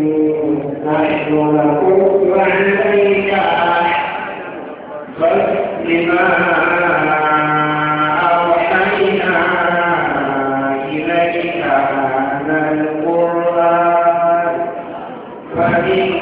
نحن نقص عليك بما Thank you.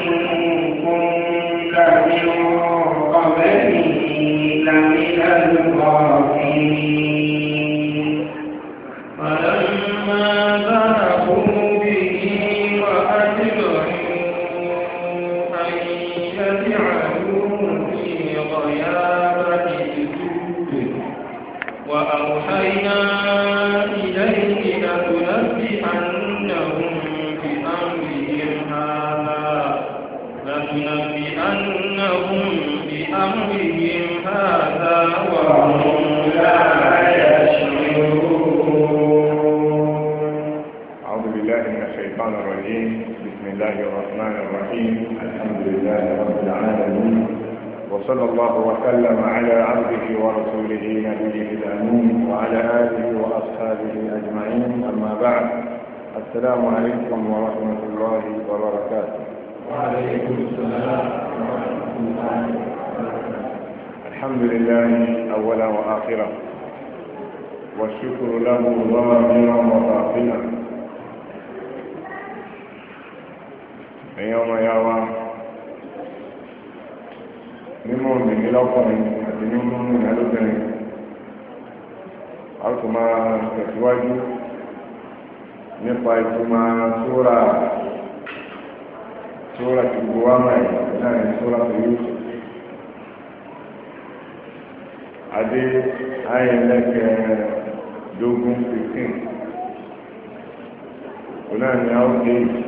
السلام عليكم ورحمة الله وبركاته وعليكم السلام ورحمة الله وبركاته الحمد لله أولا وآخرا والشكر له ظاهرا وباطنا يوم يا رب nínú obìnrin lọ́kùnrin àti nínú obìnrin lóbìnrin a tún máa tẹ̀síwájú nípa ìtumọ̀ sóra sóra ti buwa mai náà ní sóra tó yóò tó adé ayẹlẹkẹ dógún fifteen òun náà ní àwọn kéèjì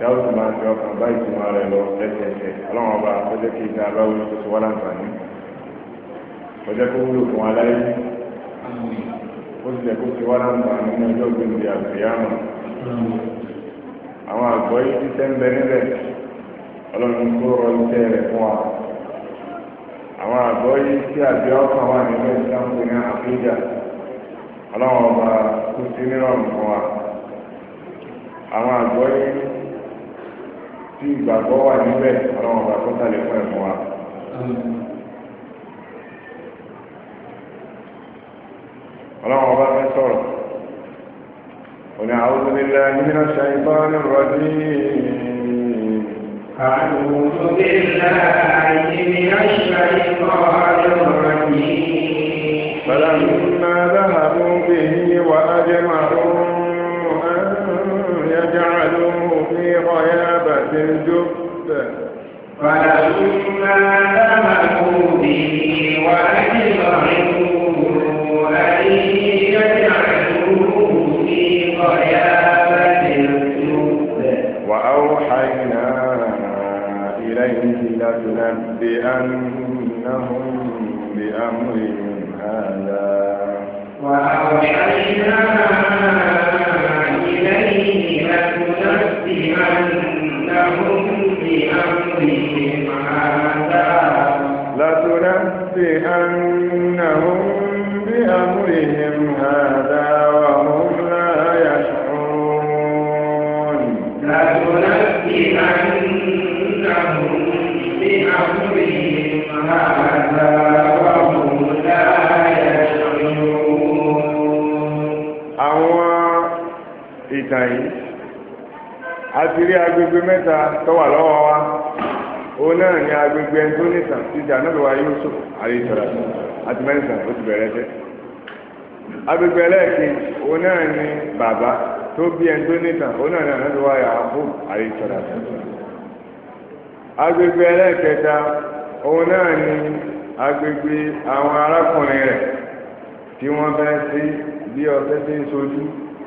yàwó tó máa ń fi ọkàn bá ìtumọ̀ rẹ̀ lọ lẹ́sẹẹsẹ ọlọ́run ọba kọjá kí ìta bá wúlò tó ti wá láǹfààní kọjá kó wúlò fún wa Ozi ti lẹ̀kọ́ ti wá láǹfààní ní ọjọ́ gbèndé àfìyàmọ̀ àwọn àgbọ̀ yìí ti tẹ́ńbẹ́ níbẹ̀ ọlọ́run tó rọ iṣẹ́ rẹ̀ fún wa àwọn àgbọ̀ yìí tí àbí ọkàn wà nínú ìsáǹpé ní àfíjà ọlọ́run ọba kú sí nírọ̀rùn fún wa àwọn àgbọ̀ yìí tí ìgbàgbọ́ níbẹ̀ ọlọ́run ọba kó sálẹ̀ fún wa. ونعوذ بالله من الشيطان الرجيم أعوذ بالله من الشيطان الرجيم فلما ذهبوا به وأجمعوا أن يجعلوه في غيابة الجب فلما ذهبوا به وأجمعوا لننبئنهم بأمرهم هذا وأوحينا إليه لتنبئنهم بأمرهم هذا لتنبئن ìtàn yìí a ti rí agbègbè mẹ́ta tó wà wa òun náà ní agbègbè ẹni tó nìtàn Yusuf àríṣọ́ra àti mẹ́rìndínlá ó ti bẹ̀rẹ̀ tẹ́ agbègbè ẹlẹ́ẹ̀kejì òun náà ni bàbá tó bí ẹni tó nìtàn òun náà ní ànábìwá Yàkúbù agbègbè ẹlẹ́ẹ̀kẹta òun náà ní agbègbè àwọn arákùnrin rẹ̀ tí wọ́n fẹ́ sí bí ọ̀fẹ́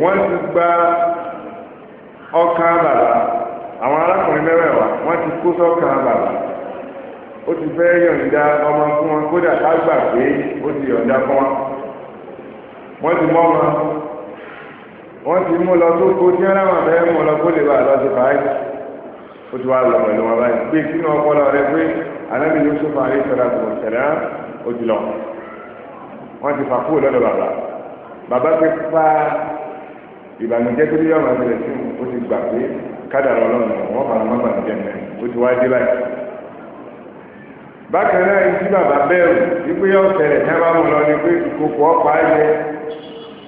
wọ́n ti gba ọkà bàbà àwọn arákùnrin mẹ́wẹ̀ẹ̀wá wọ́n ti kó sọ́kà bàbà ó ti fẹ́ yọ̀ǹda ọmọ fún wọn kódà ká gbà pé ó ti yọ̀ǹda fún wọn wọ́n ti mọ́ wọn wọ́n ti mú lọ tó kó tí wọ́n fẹ́ mú lọ kó lè bá lọ sí báyìí ó ti wá lọ pẹ̀lú wọn báyìí pé sínú ọpọlọ rẹ pé anábì Yusuf alẹ́ sọ̀rọ̀ àtùmọ̀ sẹ̀rẹ̀ ó ti lọ wọ́n ti fà kúrò lọ́dọ̀ bàbá bàbá ti pa ìbànújẹ́ tó yọ máa tẹ̀lé sí o ti gbà pé kádàrá ọlọ́run wọn máa má máa jẹ mẹ́rin o ti wá báyìí. bákan náà ibi bàbá bẹ́ẹ̀rù wípé yọ ní lọ ni pé ayẹ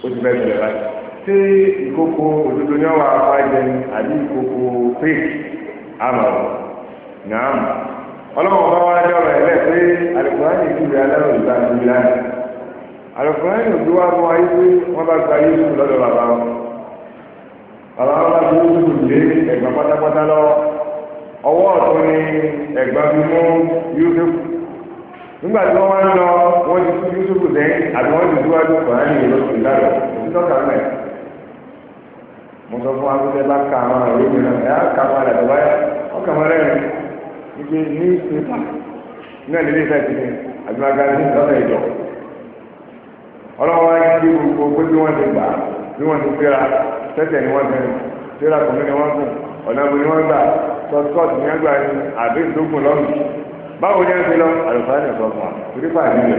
o ti bẹ́ẹ̀ tẹ̀lẹ̀ báyìí. ṣé ìkókò òdodo ní ọwọ́ apá jẹ ni àbí ìkókò fake àmọ̀ náà ọlọ́run bá wá jọ̀rọ̀ ẹ̀ lẹ́ pé alùpùpù ìtúbi alẹ́ òdùbà ìtúbi lánàá àwọn bá ti wúlò lé ẹ̀gbọ́n pátápátá lọ ọwọ́ ni Yusuf nígbà tí lọ wọ́n ti tú Yusuf sẹ́yìn àti ti dúwájú ní ìlú fún ka àwọn ka àwọn báyà ọkà tẹ́tẹ̀ ni wọ́n tẹ́lẹ̀ tíra kùnú ni wọ́n gùn ọ̀nà àbò ni wọ́n gbà sọ́tkọ́t ni wọ́n gbà ní àbí ìdókùn lọ́nù báwo ni wọ́n ti lọ àlùfáà ní sọ fún wa torí pa àdìyẹ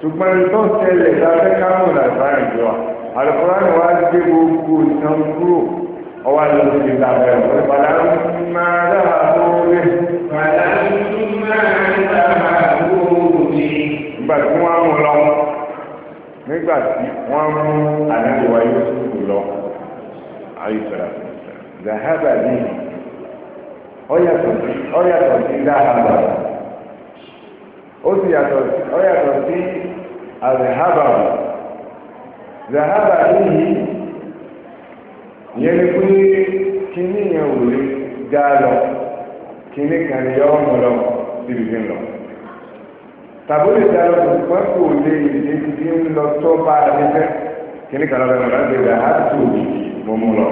ṣùgbọ́n tó tẹlẹ̀ lábẹ́ kámọ̀ àlùfáà ní wa àlùfáà ní wa gbé mú lọ nígbà tí mú àdéhùn wáyé sùkúù lọ ayé sọ̀rọ̀ zahaba ni ọ̀yàtọ̀ sí zahaba ó sì yàtọ̀ ọ̀yàtọ̀ sí azahaba zahaba níyì yẹn ni pé kíní yẹn wò lé dá lọ kíní kan yọ ọmọ lọ síbi fi ń lọ tàbí ó lè dá lọ ti ń lọ tó bá a lè kíní kan lọ bẹ̀rẹ̀ láti rẹ̀ á tó mo mú lọ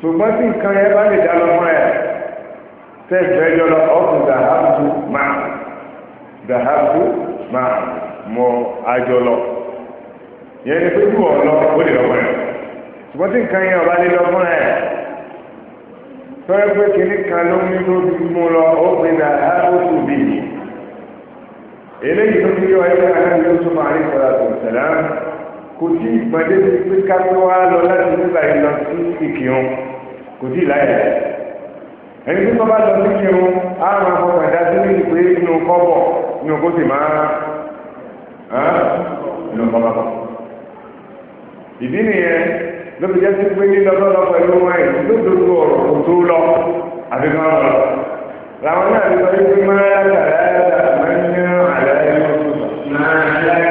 ṣùgbọ́n tí nǹkan yẹn bá lè dá lọ fún ẹ tẹ́ ìfẹ́ jọ lọ ọ̀tún dàhábùtù máa dàhábùtù máa mọ àjọ lọ yẹn ni pé bùọ̀ lọ ó lè lọ fún ẹ ṣùgbọ́n tí nǹkan yẹn ọba lè lọ fún ẹ tọ́yẹ́ pé kìíní kan ló ní tó fi mú lọ ó pe dàhábùtù bìyì eléyìí tó fi yọ ẹgbẹ́ aláàbí yóò tún máa rí sọ́dà tó ń sẹ̀lá kò tí ìpàdé ti pé kápẹ́ wá lọ láti nígbà yìí lọ sí ìkírun kò tí ìláyà ẹni tí wọ́n bá lọ sí ìkírun á máa fọ kàdá sí níbi pé inú kọ́bọ̀ inú kó sì máa inú kọ́bọ̀ bọ̀. ìdí nìyẹn ló fi jẹ́ sí pé lílọ́lọ́lọ́ pẹ̀lú wọn ẹ̀ ló dodo ọ̀rọ̀ kò tó lọ àfi kan lọ. làwọn náà ti sọ pé máa ń yán àlàyé lọ́sọ̀tọ̀. máa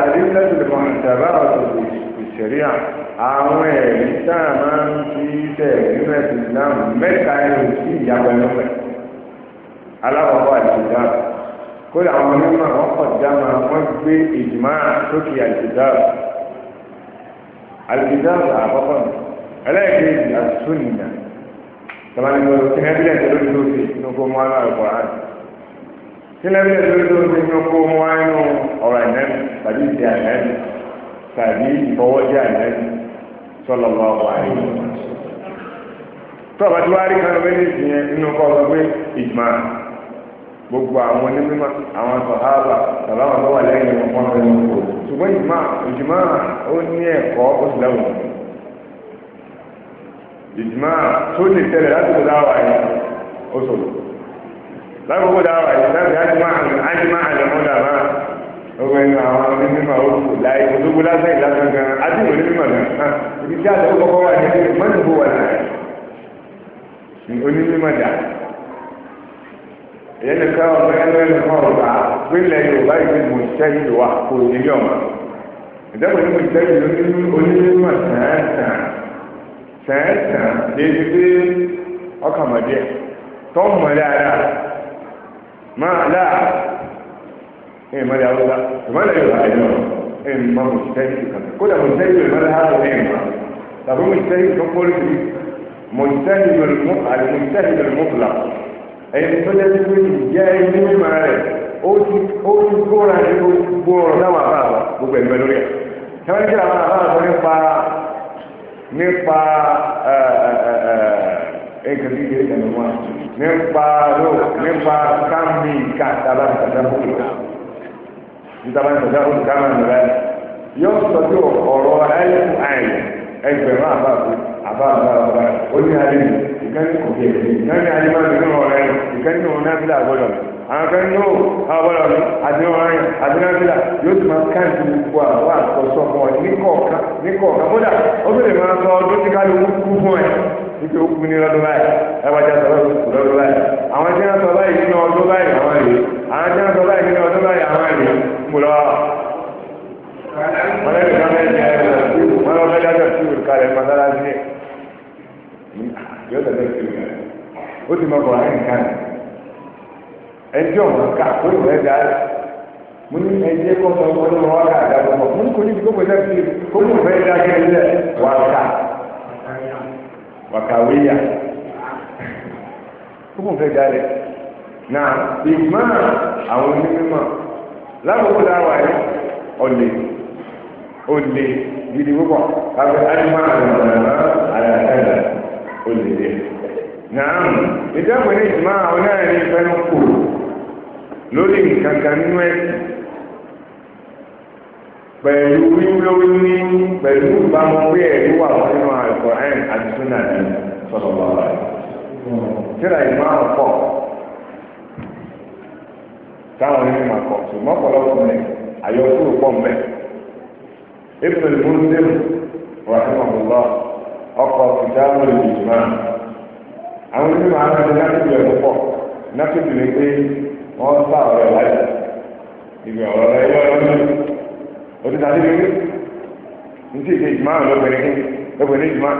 àdínlẹ́sìn mọ̀tàbára tòkù ìṣẹ̀ríà àwọn ẹ̀rí tá a máa ń fi tẹ̀ nínú ẹ̀sìn ìsìláàmù mẹ́ta ẹ̀rù sí ìyàgbẹ́ lọ́pẹ́ aláwọ̀kọ́ àti ìdáàbò kódà àwọn onímọ̀ wọn kọ̀ dáma wọn gbé ìjìmá sókè àìsídáàbò àìsídáàbò àkọ́kọ́ ni ẹlẹ́ẹ̀kejì àti súnìyàn tọ́lá ní mo kí ní ẹ́bílẹ̀ tó lórí lórí inú kó mọ́ aláàbọ̀ àti kílẹ̀bí ẹ̀dọ́dọ́ ti ní oko wọn nínú ọ̀rọ̀ ànẹ́bí tàbí ìdí ànẹ́bí tàbí ìfọwọ́jẹ́ ànẹ́bí sọ́lọ́ bá wà ní. tó àbájú wá rí kan lóbi ní ìsìn yẹn nínú kọ́ ọ̀sán pé ìjùmọ̀ gbogbo àwọn onímọ̀ àwọn sọ̀hábà tàbí àwọn tó wà lẹ́yìn wọn fọ́n fẹ́ ṣùgbọ́n ìjùmọ̀ ìjùmọ̀ ó ní ẹ̀kọ́ ó sì lẹ́wọ̀n ìjùmọ̀ tó lè tẹ̀lé láti lákòókò dáwà yìí láti ájúmọ́ àjùmọ́ àjùmọ́dà máa gbogbo ẹnu àwọn onímọ̀ òkú láì ológun lásán ìlàsán gan àti onímọ̀ gan ibi tí àtọ́ kọ́kọ́ wà ní mọ́tòkó wà náà onímọ̀ dà èyí ni ká ọmọ ẹnu ẹnu pínlẹ̀ Yorùbá ìlú mọ̀ṣẹ́ ìlú wa kò ní ilé ọ̀mà máa láà ẹ̀ mọ́lẹ̀ awúgbá ìmọ̀lẹ̀ yorùbá ẹ̀ lọ ẹ̀ mọ́ mo ti tẹ́yìn kan kódà mo ti tẹ́yìn ìmọ̀lẹ̀ ààrẹ ẹ̀ mọ́ tàbí mo ti tẹ́yìn tó kórè sí mo ti tẹ́yìn ìmọ̀lẹ̀ mọ́ àti mo ti tẹ́yìn ìmọ̀lẹ̀ mọ́ fìlà ẹ̀yìn tó jẹ́ pé ìjẹ́ ẹni mímọ́ rẹ̀ ó ní gbogbo ekele ike ịga n'ụwa nípa ló ya kámi ká dábàá ìtajà kò lọ ya ìtajà kò lọ kámi àná ma yóò sọjú ọ̀rọ̀ ẹlẹ́kùn àìlẹ̀ ẹgbẹ̀rún àbáàbò àbáàbò àbáàbò ó ní alẹ́ yìí ìkànnì kò kéré ìkànnì ọrụ máa ń nínú ọ̀rẹ́ ìkànnì òun náà fílà àgbọ̀dọ̀ yóò ọ wípé ó kú ní lọ́dún báyìí lágbájá sọ lọ́dún kù lọ́dún báyìí àwọn tí wọ́n sọ báyìí nínú ọdún báyìí àwọn rèé àwọn tí wọ́n sọ báyìí nínú ọdún báyìí àwọn rèé ń bọ̀ lọ́wọ́. wọ́n lẹ́nu kan mẹ́rin ní ẹ̀rọ wọn lọ́wọ́ fẹ́ẹ́ dájọ́ sí olùkàlẹ̀ mọ́sálásí ẹ̀ yóò tẹ̀lé sí olùkàlẹ̀ ó ti mọ kọ̀ láyé nǹkan ẹjọ́ nǹkan kó ìwé dáa mo ní ẹjẹ kọ́ ọdún wọn wá kà wàkàwéyà kókò fẹ́ jalè na ìgbọ́n àwọn onímọ̀ lábòkú láwà yìí ọ̀lẹ̀ ọ̀lẹ̀ gidi púpọ̀ káfẹ́ ánimọ̀ àwọn ọ̀nà àyàkálà ọ̀lẹ̀ rẹ̀ náà ìjọba ní ìgbọ́n àwọn náà ní ìfẹ́ lórí nǹkan kan nínú ẹ̀sìn pẹ̀lú wíwíwí ní pẹ̀lú ìbámu pé ẹ̀rí wà wọ́n nínú àìkọ̀rẹ́n àti súnà ní sọ̀rọ̀lọ́ rẹ̀. Tíra ìmọ̀ àwọn pọ̀ táwọn onímọ̀ máa kọ̀ ṣùgbọ́n ọ̀pọ̀lọpọ̀ ní àyọkúrò pọ̀ mbẹ́. Ibn al-Mundhir rahimahullah ọkọ̀ ìdáhùn ìjìmá. Àwọn onímọ̀ máa ń rẹ̀ láti ìlú pọ̀ náà tó bìrì pé wọ́n sá ọ̀rẹ́ láì òtí tàbí lórí nítí ìṣe ìjùmọ̀ àwọn lọ́pẹ̀rẹ̀ kí lọ́pẹ̀rẹ̀ ìjùmọ̀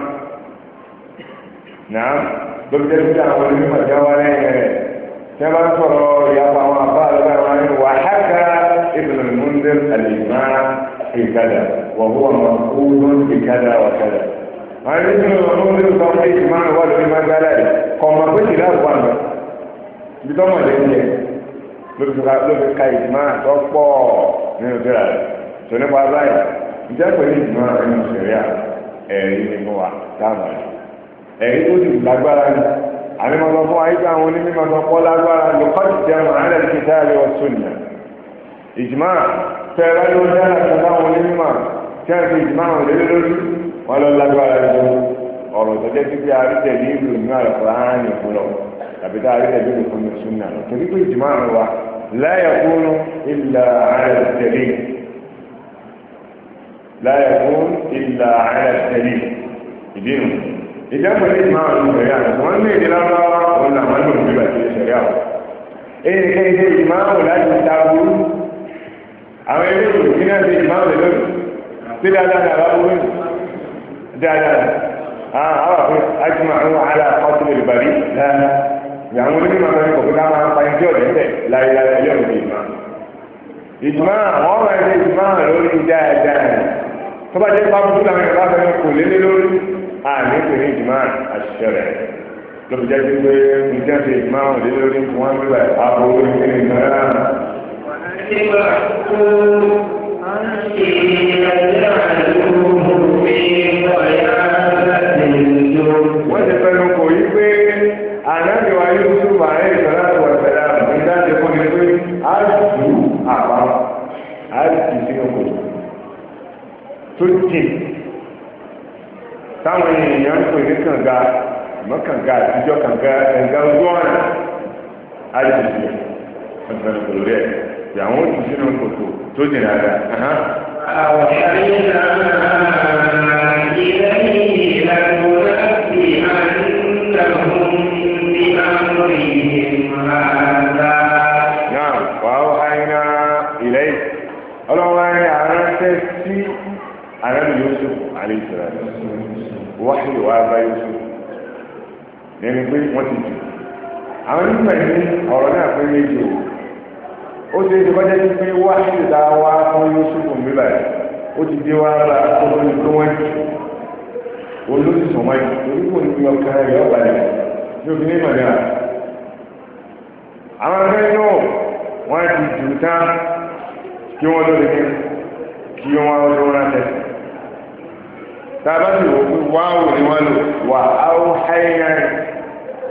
náà lóbi jẹ́ pé àwọn onímọ̀ jẹ́ wá lẹ́yìn rẹ̀ tí a bá ń sọ̀rọ̀ ìyàpá àwọn àbá àlọ́gbà ní ìjùmọ̀ pé ìlà wà nù lẹ́yìn rẹ̀ lóbi ka ìjùmọ̀ àtọ́pọ̀ nínú tó nípa báyìí ìjẹ́ pẹ̀lú ìgbìmọ̀ ẹnu sẹ̀ríà ẹ̀rí ni fún wa táàmù rẹ̀ ẹ̀rí tó sì lágbára ni àmì máa sọ fún wa yíká àwọn onímọ̀ sọ pọ́ lágbára ló kọ́tù jẹ́ àwọn alẹ́ ti táàrí wọ sónìyà ìjìmọ̀ tẹ̀rẹ́ ló jẹ́ àtàkà àwọn onímọ̀ tí a ti ìjìmọ̀ àwọn òdélé lórí wọn lọ lágbára ju ọ̀rọ̀ tó jẹ́ títí àrítẹ̀lé ìlú ìlú àlọ́kọ̀ọ́ àárín ìfúnlọ̀ tàbí tá àrítẹ̀lé ìlú ìfúnlọ̀ sónìyà lọ torí pé ìjìmọ̀ àwọn wa لا يكون إلا على الدليل láyé fún ìlà àárẹ̀ tẹ̀lé ìdí nù. ìjẹ́pọ̀ ní ìmọ̀ àwọn ìṣẹ̀rí àwọn wọ́n ní ìdí lọ́wọ́ wọn làwọn lò ní ìgbà tí ìṣẹ̀rí àwọn. èyí kẹ́ ṣe ìmọ̀ àwọn láti ta burú. àwọn ẹgbẹ́ òkú ní àti ìmọ̀ àwọn lónìí. sí dáadáa dàbá burú dáadáa. àwọn àpò àjùmọ̀ àwọn àlà tó bá jẹ́ pàmò tó làwọn ẹ̀rọ abẹ́rẹ́ kò lé lé lórí àní pè ní ìjìmá àṣìṣe rẹ̀ ló fi jẹ́ sí pé nǹkan ṣe ìjìmá wọn lé lórí wọn ń gbà àbò orí kí ni nǹkan rà. wọ́n ti fẹnu kò yí pé ànábìwá yóò tún bàárẹ̀ tó jìn táwọn èèyàn ń pè ní kànga àmọ́ kànga àtijọ́ kànga ẹ̀ǹgá ojú ọ̀nà àdìsí ọ̀sán ìpòlórí ẹ̀ ìyàwó ti sínú kòtò tó jìn dáadáa. àwọn ìṣàlẹ̀ náà ilé ìlànà láti àdínlẹ̀ fún ní àwọn èèyàn máa dáa. arábì Yusuf àlejòrà wáhì wà bá Yusuf ẹni pé wọ́n ti jù àwọn nípa ẹni ọ̀rọ̀ náà pé méjì o ó ti ṣe kọjá sí pé wáhì dá wá fún Yusuf mi báyìí ó ti dé wá bá tó tó wọ́n jù olórí sọ̀mọ́ yìí torí kò ní ọkàn rẹ̀ ọ̀bà rẹ̀ ní obìnrin mọ̀lẹ́ra àwọn ẹgbẹ́ náà wọ́n ti jù tán kí wọ́n lórí kí wọ́n lọ́wọ́ rántẹ́sí tàbátì wò pé wáwò ni lò wà áwò háyìnà rẹ̀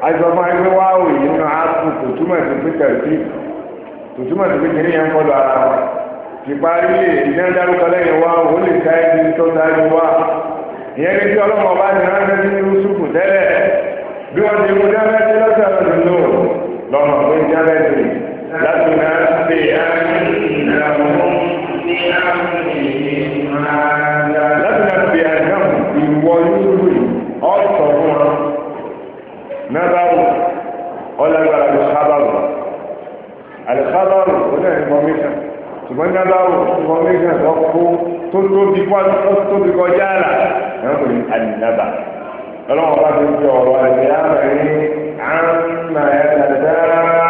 àìsọ̀fún àìpé wáwò yìí nínú áàpù kò túmọ̀ sí pé tẹ̀sí kò túmọ̀ sí pé kìnìún yẹn kọlu ara wọn ìparí lè ní adarúkọ lẹ́yìn ó lè na ẹni tó dájú wá ìyẹn ní tí ọlọ́mọ bá ní ránṣẹ́ sí tẹ́lẹ̀ bí wọ́n ti nábàrù ọlágbára ló sábàrù àlùkábàrù ó náà ní fọmíṣàn ṣùgbọ́n nábàrù fọmíṣàn tó kó tó tóbi kọ́ tó tóbi kọjá àlà náà kò ní àdìnàbà ọlọ́wọ́n bá fi ń fi ọ̀rọ̀ àti àmà ní àmà ẹ̀ẹ́dàdàrà.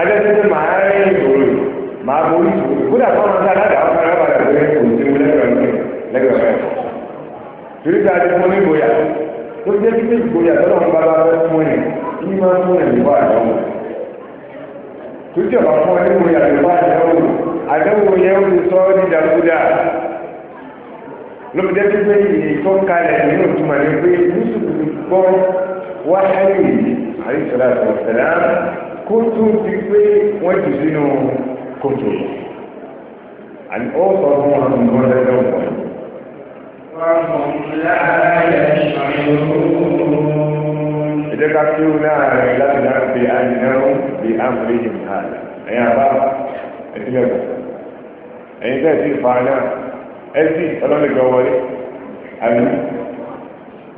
adẹ́sẹ́sẹ́ máa rìn ìṣòro máa borí ìṣòro kódà fún ọmọdé aládàá ọ̀sán rẹ̀ padà pé kò sí mi lẹ́gbẹ̀rún lẹ́gbẹ̀rún ẹ̀fọ́ torí ká ti fún nígboyà tó jẹ́ kí nígboyà tó lọ́n bá bá fẹ́ fún yẹn kí máa fún yẹn nípa àdánwò tó jẹ́ bá fún nígboyà nípa àdánwò àdánwò yẹn ń sọ dídàkúdà lóbi dẹ́bi pé ìtọ́kalẹ̀ ní pé yusuf gbọ́ wáhálì àríṣọ́lá àti ọ̀sẹ̀ náà kó tó ti pé wọ́n jù sínú kòtò àti ó sọ fún wọn ní wọ́n lẹ́gbẹ́ wọn. Ìjẹ́ ká kí ó láàrin láti náà bí àìnáwó bí àmúrí ìhàlà. Ẹ̀yà bá ẹ̀sílẹ̀kùn. Ẹ̀yìn tẹ́ sí fa náà, ẹ̀sí ọlọ́lẹ̀gbọ́ wọlé. Àmì.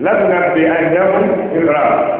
Láti náà bí àìnáwó ìhàlà.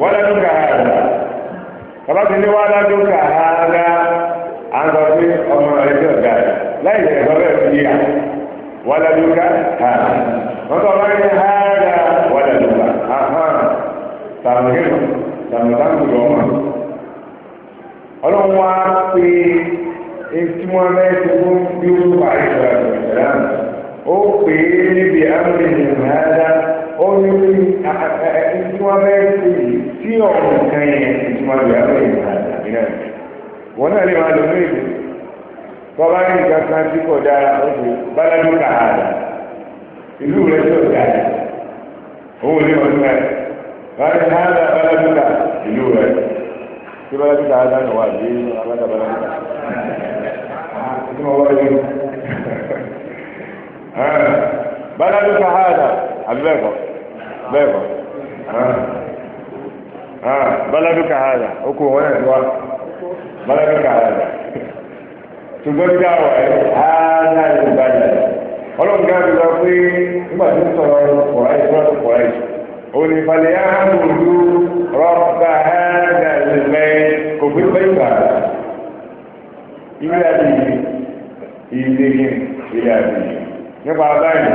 wọ́lájúkà hàdà bàbá ti ní wọ́lájúkà hàdà à ń ọmọ rẹ̀ ti láì jẹ́ ẹ̀sọ́ bẹ́ẹ̀ fi yà wọ́lájúkà hàdà wọ́n sọ wọ́n ní hàdà wọ́lájúkà ahán tàmùkẹ́nù tàmùkẹ́nù etí wọn fún bí bá ó ní tí wọ́n fẹ́ ṣe yìí tí ọ̀hún nǹkan yẹn tí wọ́n lè àwọn èèyàn àtàbí náà wọ́n náà lè máa lò ní èdè bọ́bá ní nǹkan kan tí kò dára ó ti báládó kà á dà ìlú rẹ̀ tí ò dára òun ní ọdún rẹ̀ báyìí ní àdá kà ìlú rẹ̀ tí báládó kà á dá dé abájá báládó kà á. bàdàdù ka hàdà àbí bẹ́ẹ̀ kọ́ bẹ́ẹ̀ kọ́ bàdàdù ka hàdà ó kò wọ́n ẹ̀ wá bàdàdù ka hàdà ṣùgbọ́n bí àwọn ẹ̀ hàdà ló bàdà ọlọ́run ká bí wá pé nígbà tó ń sọ̀rọ̀ lu nípa báyìí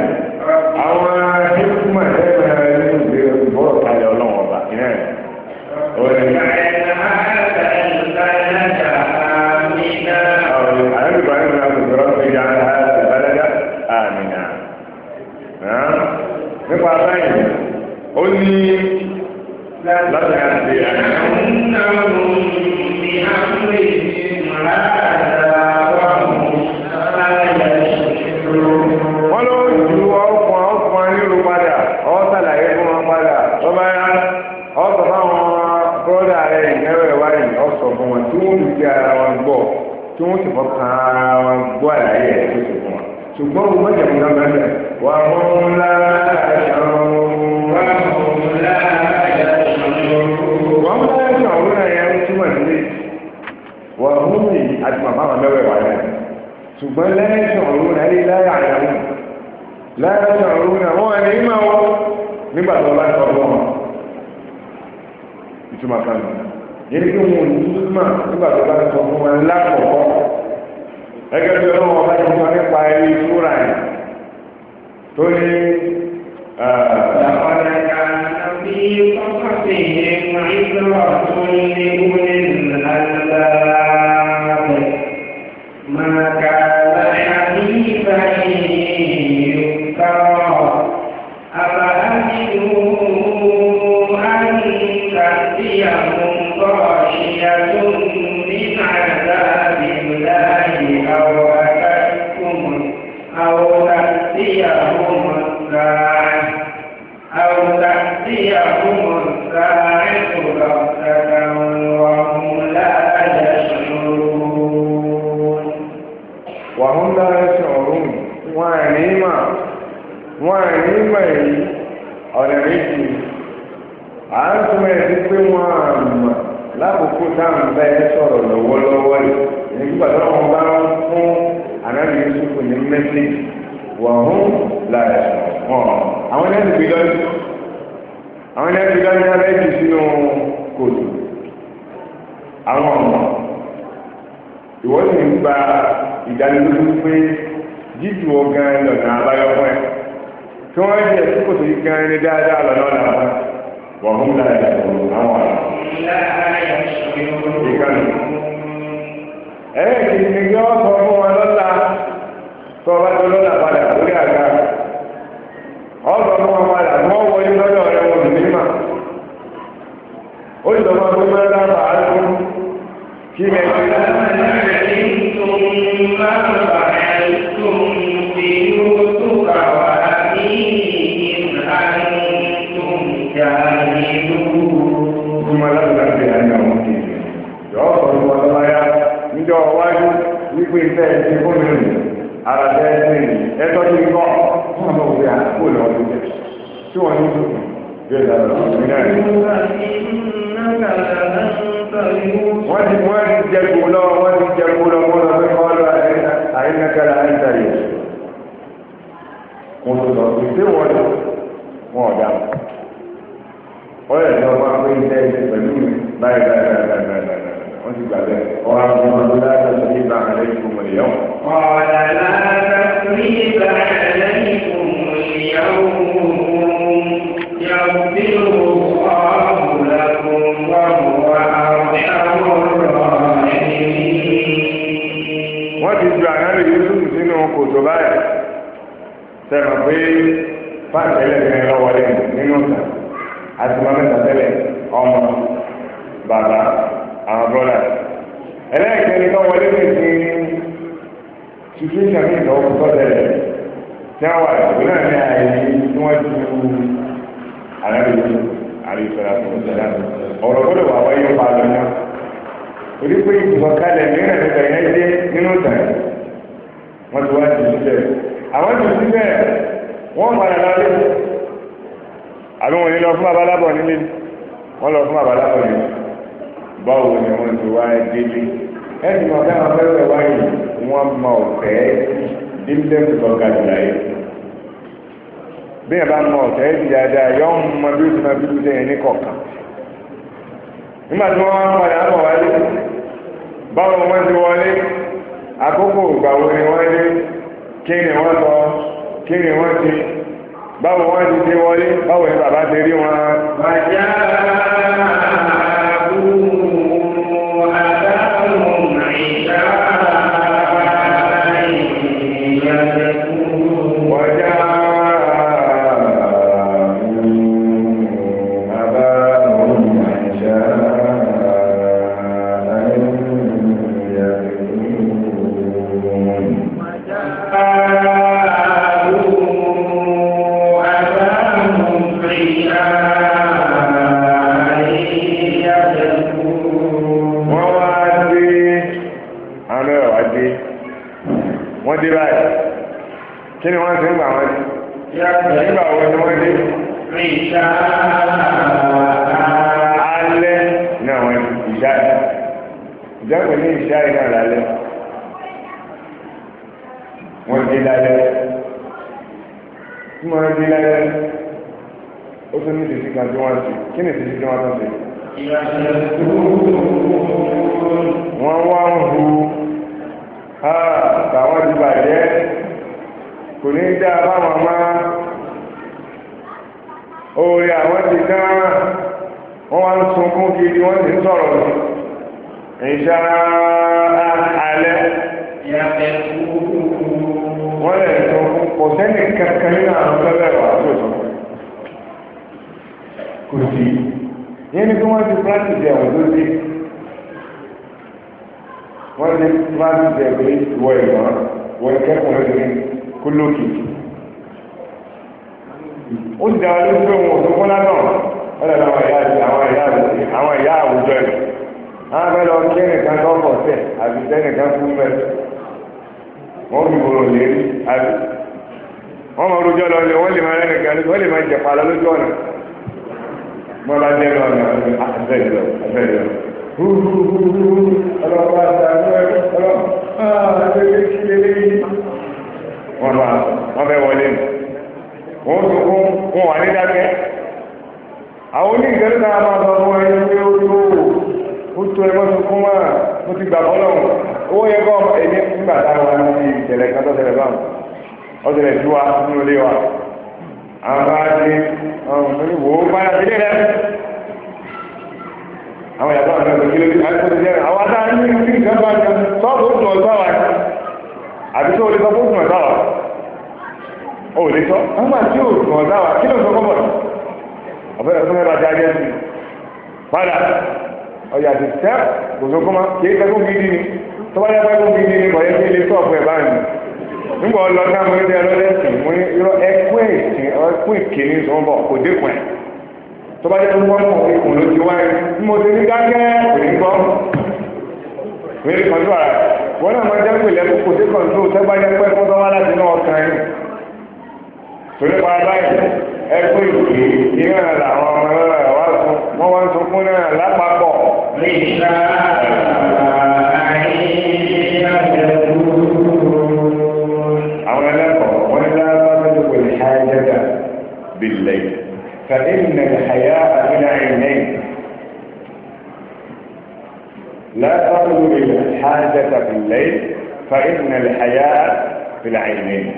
àwọn akíkúmọ̀ ẹgbẹ́ rẹ nínú ìgbé bọ́rọ̀ kalẹ̀ ọlọ́run ọba iná ẹ̀ nípa báyìí ó ní láti àti àná. tí wọ́n sì fọ́ kàn án gbọ́ àlàyé ẹ̀ tó sì fún wa ṣùgbọ́n o mọ̀jẹ̀ mú náà bẹ́ẹ̀ wà á mú ńlá ṣàrọ̀ wà á mú ńlá ṣàrọ̀ wà á mú ńlá ṣàrọ̀ náà yẹn túmọ̀ sílé wà á mú mi àti màmá àwọn mẹ́wẹ̀ẹ́ wà náà ṣùgbọ́n lẹ́yìn ṣàrọ̀ náà lé láyà àyàwó láyà ṣàrọ̀ náà wọ́n ẹni máa wọ́ nígbà tó bá ń sọ fún wọn ìtumọ̀ kan náà yẹn kí wọn ò ní mà nígbà tó bá ti sọ fún wọn lákòókò ẹgbẹ́ bí ọlọ́wọ́ bá ti torí pé ìwọ̀kalẹ̀ mìíràn nígbà yẹn dé nínú ìtàn wọ́n ti wá ti síbẹ̀ àwọn ti síbẹ̀ wọ́n padà lálé àbí wọn ní lọ fún babalábọ̀ nílé wọ́n lọ fún babalábọ̀ yìí báwo ni wọ́n ti wá délé ẹni wọn dáhùn fẹ́rẹ̀ wáyé wọ́n mọ ọ̀fẹ́ dídẹ́kù lọ́ga jùlá yìí bí ẹ bá mọ ọ̀fẹ́ dídáadáa yọ ọmọ bí ó ti máa bí ó ti yẹn ní kọ̀ọ̀kan nígbà tí wọ́n wá padà bọ̀ wálé báwo wọ́n ti wọlé àkókò ìgbàwo ni wọ́n dé kí ni wọ́n sọ kí ni wọ́n ti báwo wọ́n ti dé wọlé báwo ni bàbá ti rí wọn. bàjẹ́ lálẹ́ tí wọ́n dé lálẹ́ ó tún ní ìdíjí kan tí wọ́n ṣe kí ni ìdíjí tí wọ́n tún ṣe. wọ́n wá ń hu tàwọn ti bàjẹ́ kò ní dá báwọn máa orí àwọn ti dán wọ́n wá ń sunkún kiri wọ́n ti sọ̀rọ̀ ìṣáá alẹ́. ìyá fẹ́ kú. wọ́n lẹ̀ kankan nínú àwọn tẹ́lẹ̀ tó sọ kò sí ni kí wọ́n ti practice ẹ̀wọ̀n tó dé wọ́n ti practice ẹ̀wọ̀n ìwọ ìwọ̀n wọ́n kẹ́kọ̀ọ́ lórí kólókì ó ti dára ló pé wọn ò tó kọ́lá náà wọ́n ìyá àwọn ìyá àwọn ìyá àwùjọ ẹ̀ àwọn wọ́n fi bọ̀rọ̀ lé rí àbí wọ́n máa rojọ́ lọ lé wọ́n lè máa rẹ́rìn kan wọ́n lè máa jẹ pàlọ́ lójú ọ̀nà wọ́n bá dé lọ ọ̀nà àfẹ́ lọ àfẹ́ lọ. ọlọ́pàá àtàwọn ọlọ́pàá àtàwọn kílélé wọ́n máa wọ́n fẹ́ wọlé nù wọ́n tún kún wọn wà ní dákẹ́ àwọn onígbẹ́rẹ́ náà máa sọ fún ẹni pé ó tó wù. ó tó ẹgbẹ́ tuntun wá mo ti o owó yẹn kọ́ èmi nígbà táwọn wá sí ìṣẹ̀lẹ̀ kan tó ṣẹlẹ̀ báwọn ọ̀ṣẹ̀lẹ̀ tí wa nínú ilé wa àwọn bá dé wò ó padà sílé rẹ àwọn yàtọ̀ àwọn àwọn ní wa tó o lè o lè o ọ̀yà ti tẹ́ kòsókòmá kì í tẹ́kùn gidi ni tọ́wọ́ yá tẹ́kùn gidi ni kọ̀yẹ́ sí ilé sọ́ọ̀fù ẹ̀ báyìí nígbà ọlọ náà mo ní ti ẹlọ́dẹ sìn mo ní irọ́ ẹkú ẹ̀sìn ẹkú ìkíní sọ́nbọ̀ kò dékun ẹ̀ tọ́wọ́ yá tẹ́kùn wọn kò kùn ló ti wáyé ní mo ti ní dákẹ́ kò ní gbọ́ mi ní kọ́ńtò ara wọn náà máa jẹ́ pé lẹ́kùn kò dé kọ́ńtò tẹ́gbà jẹ́ pé fún tọ́wọ́ láti náà kàn yín torí pa báyìí بالليل فإن الحياء من عينين لا تطلب الحاجة في الليل فإن الحياء في العينين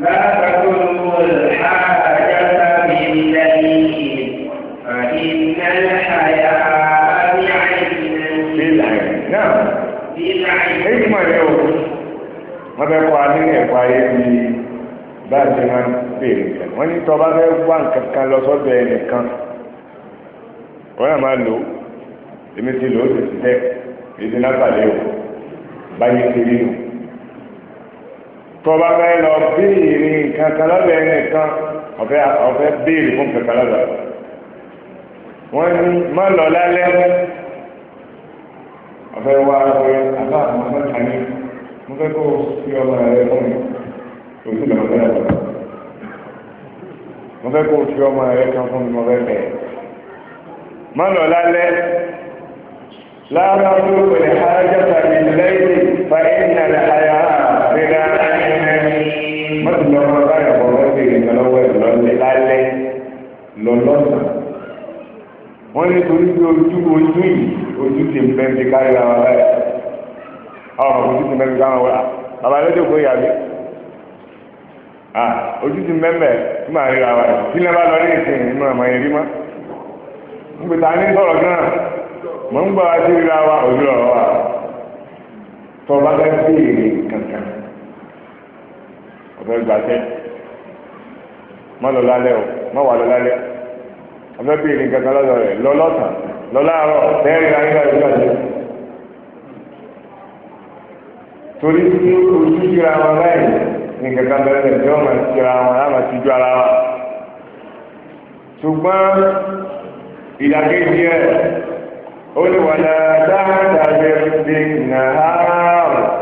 لا تطلب الحاجة في الليل فإن الحياء wọ́n fẹ́ kọ́ alẹ́ ẹ̀kọ́ ayé bí bá a ṣe máa ń béèrè rẹ̀ wọ́n ní tọ́ bá fẹ́ wá nǹkan kan lọ sọ́dọ̀ ẹ̀ nìkan wọ́n yà máa lò èmi ti lò ó sì sílẹ̀ èdè lábàlẹ́ o báyìí kiri o tọ́ bá fẹ́ lọ béèrè nǹkan kan lọ́dọ̀ ẹ̀ nìkan ọ̀fẹ́ ọ̀fẹ́ béèrè fún nǹkan kan lọ́dọ̀ wọ́n ní má lọ lálẹ́ ọ̀fẹ́ wá ọ̀fẹ́ àbá àwọn ọmọ kan ní mo fẹ́ kó fi ọmọ rẹ fún mi kò sí lọ́wọ́ bẹ́ẹ̀ lọ. mo fẹ́ kó fi ọmọ rẹ kan fún mi mo fẹ́ fẹ́. má lọ lálẹ́ lára tó pèlè àájáta ìlẹ́ ìlú fa ìnà àyà àbẹ̀dá ẹ̀ẹ́nẹ́. má ti lọ ọmọ báyọ̀ bọ̀ wọ́n ti rìn lọ́wọ́ ẹ̀ lọ́lẹ́ lálẹ́ lọ́lọ́sàn. wọ́n ní torí pé ojú ojú yìí ojú ti ń bẹ́ẹ̀ fi kárí ara báyìí àwọn ọmọ ojú ti mẹ́mẹ́ káwọn wọ́n bàbá lọ́jọ́ kó yà mí ojú ti mẹ́mẹ́ tí màá ríra wa tí lẹ́ bá lọ ní ìsìn inú àmọ́ yẹn rí mọ́ ń pè ta ní sọ̀rọ̀ gan mọ̀ ń gbọ́ wa sí ríra wa ojú ọ̀rọ̀ wa tọ́ bá fẹ́ béèrè kankan ọ̀fẹ́ gbàtẹ́ má lọ lálẹ́ o má wà lọ lálẹ́ ọ̀fẹ́ béèrè kankan lọ́dọ̀ rẹ̀ lọ lọ́sàn lọ láàárọ̀ tẹ́rì torí tí ojú síra wọn láì ní kankan bẹ̀rẹ̀ tí wọ́n máa síra wọn á máa tijú ara wa ṣùgbọ́n ìdàkejì ẹ̀ ó lè wà dáadáa bẹ́ẹ̀ fi náà.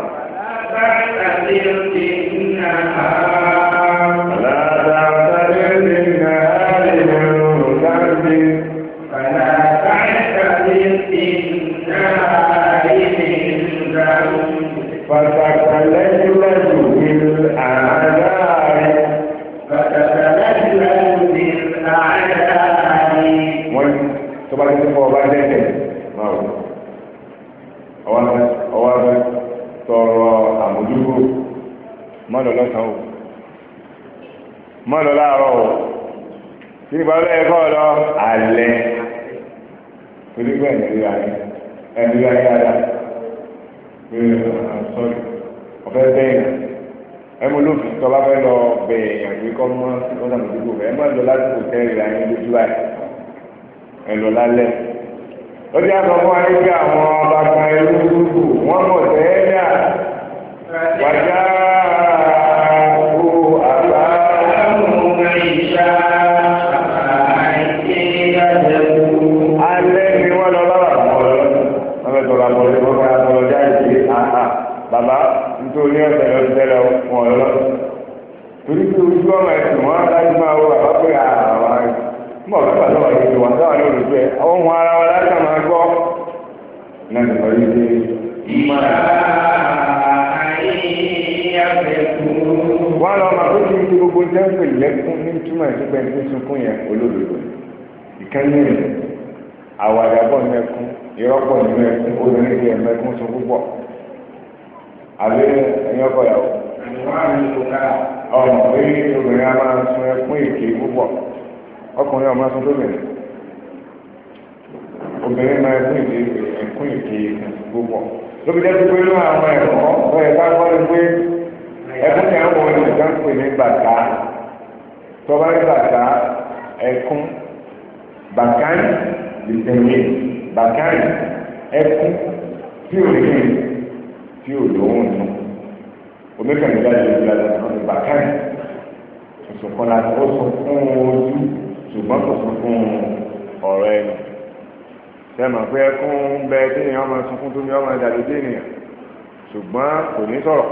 ṣùgbọ́n kò ní sọ̀rọ̀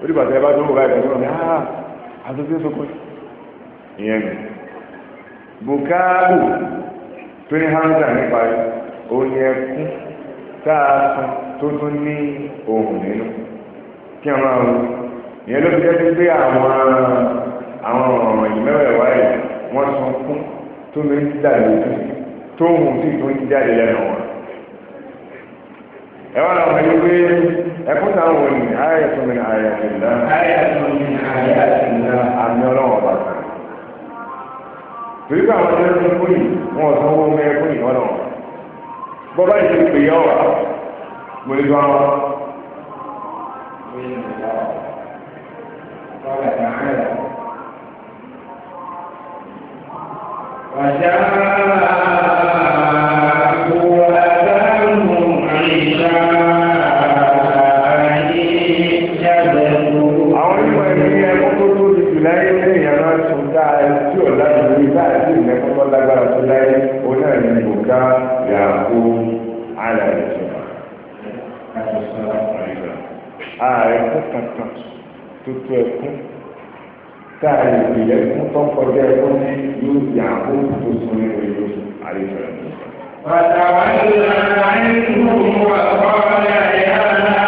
ó dìgbà tí ẹ bá tó ń bọ̀ báyìí tó ń bọ̀ ah àtúntò sókò ìyẹn nù bukáàbù tó ní hamza nípa rẹ̀ ó ní ẹkún tá a san tó tún ní ohun nínú kí a máa wù ìyẹn ló fi jẹ́ pé àwọn àwọn ọ̀ràn yìí mẹ́wẹ̀ẹ̀wá yìí wọ́n san kún tó ní dàlójú tó hùn sí tó ń jáde lẹ́nu wọn ẹ wọ́n làwọn pé ẹkún táwọn wò ní ayẹ̀tún mi ayẹ̀tún ńlá ayẹ̀tún mi ayẹ̀tún ńlá àmì ọlọ́wọ́ bá kan. torí pé àwọn ẹni tó wọn ò sanwó ọmọ ẹkún yìí wọn lọ. bọ́bá yìí ti pè yọ wà mo lè gbọ́ wọn. tó ẹkún tá a lè pè ẹkún ní yóò di àkókò tó sun ní orí lóṣù àríṣọ ẹkún. bàtà wàá ń lọ àárín ìlú wa ọ̀rọ̀ ẹ̀yà náà.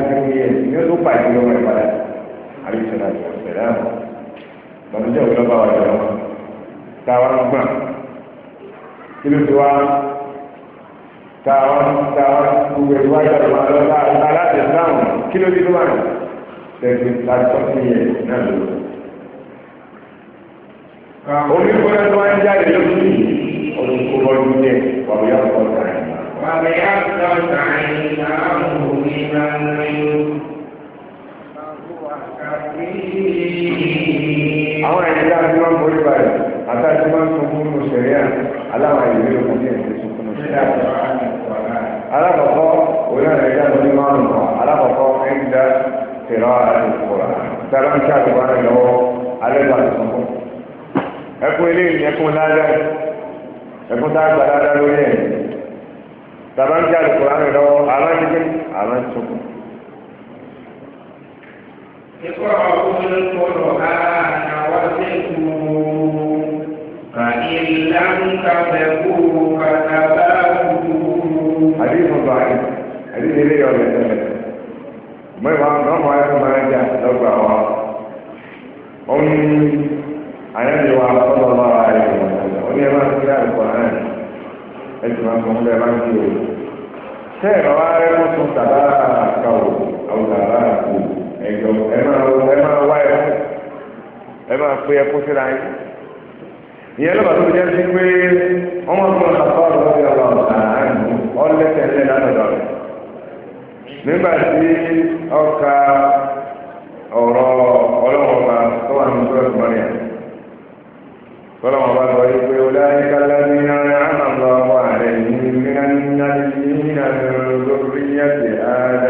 kékeré yẹn ni ó tó pàdé lọ́wọ́ ìpadà àríṣẹ́lá ìṣẹ̀lá bàtújẹ́ òkú lọ́ba wàjọ lọ́wọ́ táwa ń gbà kí ló ti wá táwa táwa gbogbo ìwà ìjọba máa lọ bá aláṣẹ sáwọn kí ló ti tó wà tẹ̀sí látọ́sí yẹn náà lọ́wọ́. omi kúrẹ́ tó wá ń jáde lóṣù yìí ọdún kó bọ́ọ̀lù jẹ wàhùyà ọ̀sán وابيضت عيناه من العيون àwọn ẹ̀dá tí wọ́n borí báyìí àtàtí wọ́n tún fún un ṣẹ̀rí à aláwọ̀ ìwé òkú ní ẹ̀sẹ̀ tún fún un ṣẹ̀rí alákọ̀ọ́kọ́ òun náà ẹ̀dá tó ní márùn kan alákọ̀ọ́kọ́ ẹ̀dá tẹ̀rọ àdìpọ̀ra tẹ̀rọ ń ṣe àdìpọ̀ rẹ̀ lọ́wọ́ alẹ́gbà tuntun fún. ẹkún eléyìí ẹkún ládàá ẹkún tá a gbà ládàá lórí ẹ̀ tàbá ń jáde kura ń lọ aláǹdíkẹ́ aláǹtukù. ikú àwọn ọkùnrin ń kọlọ á àwọn ṣe kú ka ìlà ń ka bẹ̀kú kàtà bá kú. àdéhùn bá yìí àdéhùn ilé yọ̀ lẹ́sẹ̀ lẹ́sẹ̀ mẹ́wàá náà mọ̀ ẹ́ fún ẹ̀ jà lọ́gbà wa. ó ní àyẹ̀lẹ̀ wa kọ́ lọ́wọ́ ara rẹ̀ wọ́n ní ẹ máa ń kí àlùkò ẹtù máa ń sọ fúnbẹ́ máa ń kí o tẹ́ ẹ̀ máa rẹ́ kó tún tàbá àkà o àwọn tàbá àkù ẹ̀jọ̀ ẹ máa wá ẹ̀ ẹ máa pé ẹ kó síra yín ìyẹn lọ́ba tó jẹ́ sí pé ọmọ tó ń sàkọ́ ọ̀rọ̀ lórí ọ̀rọ̀ ọ̀sán ọ̀lẹ́sẹ̀ẹ́sẹ̀ lánàá nígbà tí ọkà ọ̀rọ̀ ọlọ́wọ́n bá tó wà nínú sọ́ọ̀tù mọ́nìyà tọ́lọ́wọ́n bá lọ yí pé ọlá ní kálá ní àmà من النبيين من ذرية آدم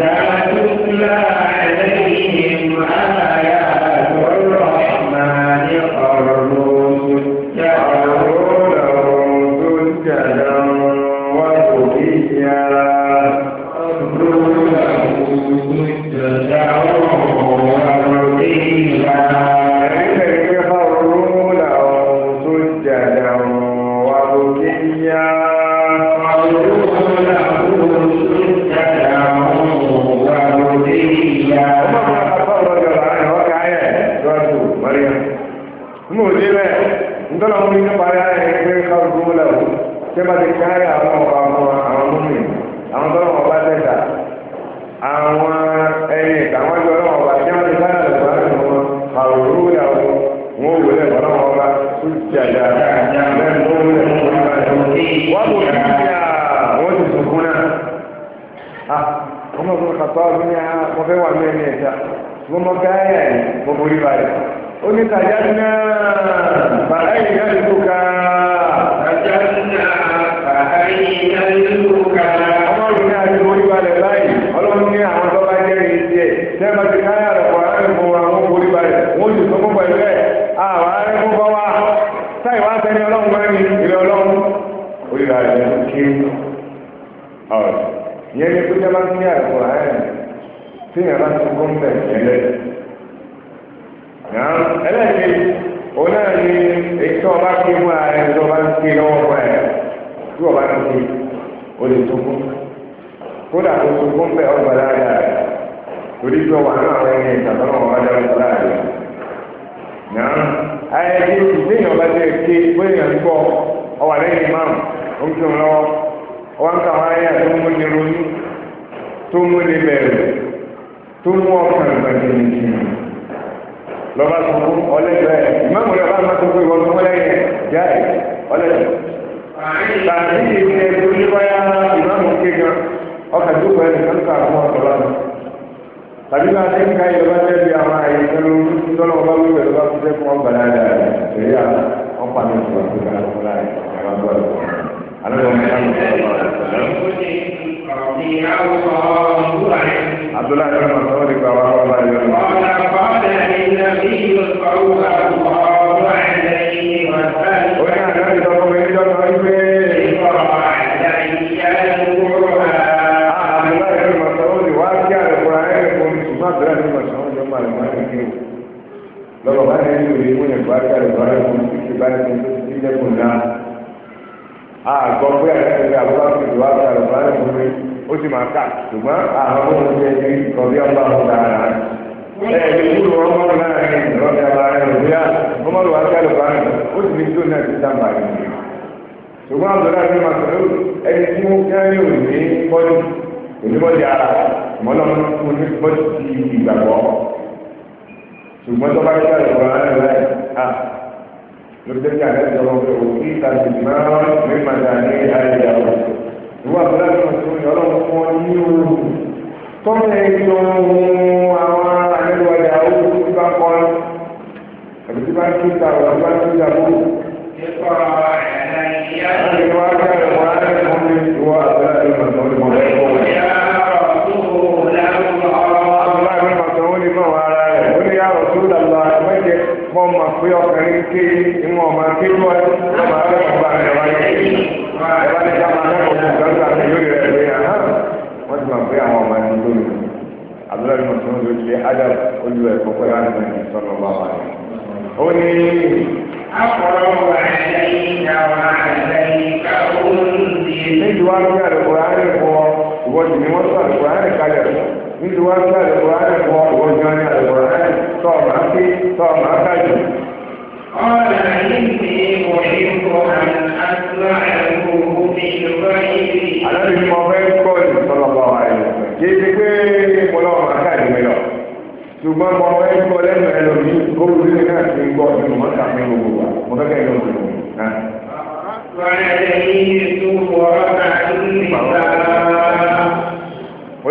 that ṣùgbọ́n àbúrò àti màtúrú ẹni tí wọ́n fẹ́ ní òní bọ́dì òní bọ́dì ara mọ́nà fún ní bọ́dì ti ìgbàgbọ́ ṣùgbọ́n tó bá yẹ káyọ̀ wọ́n á lọ láì ha lórí tẹ́tí àlẹ́ ìjọba pé òkú ìtàjì máa ń rí màdà ní àìyàwó ìwọ́n àbúrò àti màtúrú ni ọlọ́run fún wọn ní òru tọ́lẹ̀ ìlú àwọn àlẹ́wọ̀dà ó ti bá kọ́ àbí ti bá ń kí ìta àwọn àbí bá Adab olùwẹ̀ kọ́kọ́ yára ní sọ́nà bàbá rẹ̀. Ó ní أقرأ عليك وعليك أنزل وأنزل القرآن القرآن وجميع وصل القرآن كالرسول nítorí wá sí àlùkòrán ẹ̀kọ́ ìwọ́jọ́ ní àlùkòrán tọ́ ọ̀mà sí tọ́ ọ̀mà kájú. ọ̀rọ̀ yìí ni mo ní kó àtúnṣe àlùkò mi lọ́wọ́ yìí. ṣùgbọ́n mo fẹ́ gbọ́ lẹ́nu ẹlòmí gbogbo ní náà ti ń gbọ́ nínú mọ́tà mi gbogbo wa mo fẹ́ kẹ́ ẹ̀ lọ́wọ́ mi. wọ́n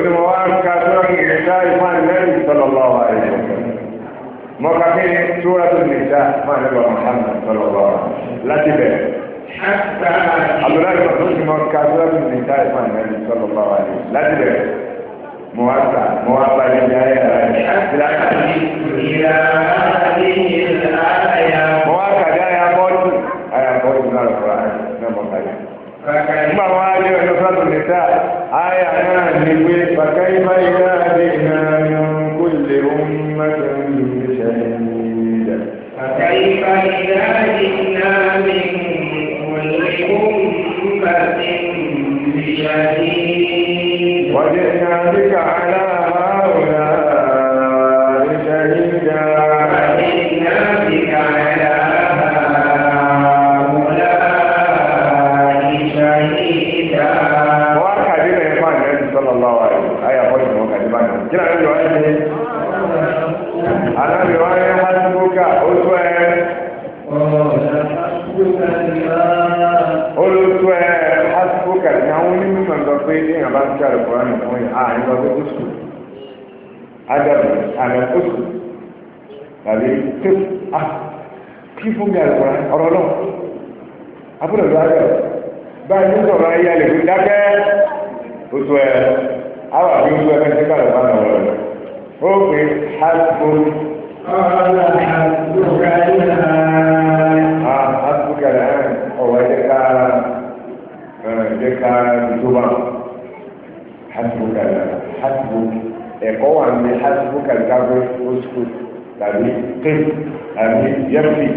ní mo wá ń ka sọ́ra ní ìrìnsá ìfọ̀n lẹ́yìn sọ̀rọ̀ lọ́wọ́ àìsàn mo kà kí ni sọ́ra ní ìrìnsá ìfọ̀n lẹ́yìn sọ̀rọ̀ lọ́wọ́ láti bẹ̀rẹ̀. ká sọ́ra tó ní ìrìnsá ìfọ̀n lẹ́yìn sọ̀rọ̀ lọ́wọ́ àìsàn láti bẹ̀rẹ̀ mo wá gbà mo wá bá níbi ayé ara rẹ̀. àtìláàbí ìlà àbí ìlà àyà. mo wá kàdé ayé abọ́dù ayé abọ́dù náà lọ fọlá náà mọ̀ kàdé. nígbà wọn á lé ọjọ́ fúlàtò nìta ayé náà ní pé bàtà ìbá ìlà àbí ìlà àyà kó lè wọ́n má ní ìṣẹ̀lẹ̀ ìdá. bàtà bá ń kí àlùkòrán ní fún yìí àà nípa pé kóṣù ádàbò àmì kóṣù tàbí tó à ah, kí fún mi àlùkòrán ọ̀rọ̀ náà abúlé ló ádàbò báyìí ní sọ̀rọ̀ ayé alẹ́ fi dákẹ́ oṣù ẹ̀ àwọn àbí oṣù ẹ̀ fẹ́ sí kàlùkòrán ọ̀rọ̀ rẹ̀ ó pè é hàlùkòrán. قف أمين يبكي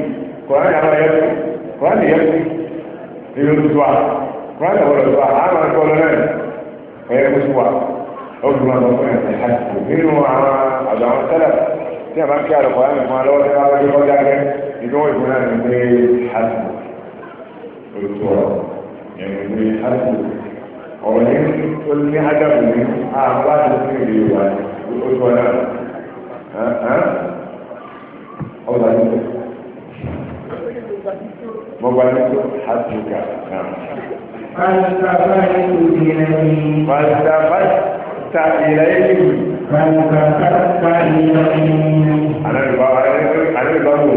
قرآن أما يبكي قرآن يبكي يقول سواء قرآن أقول سواء أما أقول لنا فيقول سواء أقول ما نقول الحج منه أما أدعو السلف tí a bá kí àlùkòrán nìkan lọ́wọ́ tí wọ́n bá gbé kọjá gẹ́ inú ìwé náà ní pé hàtù olùtò ọ̀rọ̀ ẹ̀yìn ní hàtù ọ̀rọ̀ ní tó ní ádámù ní àwọn àti ọba nígbà mọba nígbà àtúkà náà. Fàtàfàtà ìlẹ́yìn. Fàtàfàtà ìlẹ́yìn. Àlẹ́lùbá àlẹ́lùbá wò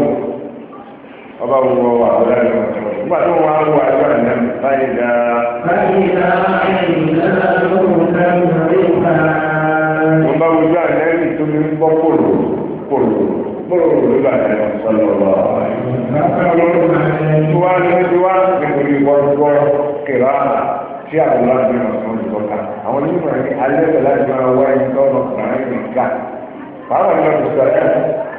ọba wò wọ wà ọ̀dà ìlú. Nígbà tó wà wọ àgbà náà báyìí dá. Báyìí dá ẹ̀yìn náà ló ń dá ìrọ̀lẹ́ ìgbà. Wọ́n bá wọ ojú àlẹ́ ìtòmí ń bọ́ kòlò kòlò bọ́rọ̀ ló bá ẹ̀ lọ sọ́lọ́ lọ. Tí wàá ní tí wàá nítorí wọ́rọ́wọ́ kẹrọ àná tí àwọn láti máa sọ ní bọ́ta. Àwọn onímọ̀ ní alẹ́ bẹ̀ láti máa wá ni wọ́n ti sọ ẹ́?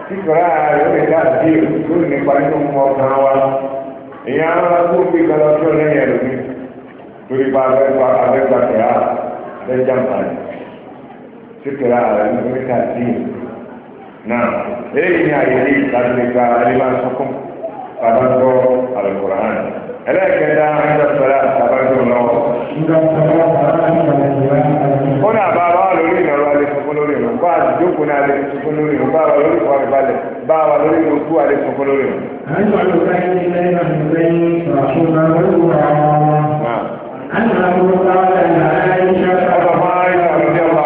Kíkọ̀rá yóò lè dá àdé lórí nípa nínú ọmọ ọ̀gá wa. Ìyá ara tó gbé gbọdọ̀ náà eléyìí ní àyè ní ìtàgbéga ẹlẹ́bàṣọ́kùn tàbátọ́ àlùkùrán ẹlẹ́ẹ̀kẹta ẹ̀ńdọ̀sọ̀lá tàbátọ́ lọ́wọ́. ó ní àbá bá wà lórí ìnáwó alẹ́ sọ́kún lórí ìlú bá a jókòó ní alẹ́ sọ́kún lórí ìlú bá a wà lórí ìwà ìbalẹ̀ bá a wà lórí ojú alẹ́ lórí ìlú. أنه قال عائشة رضي الله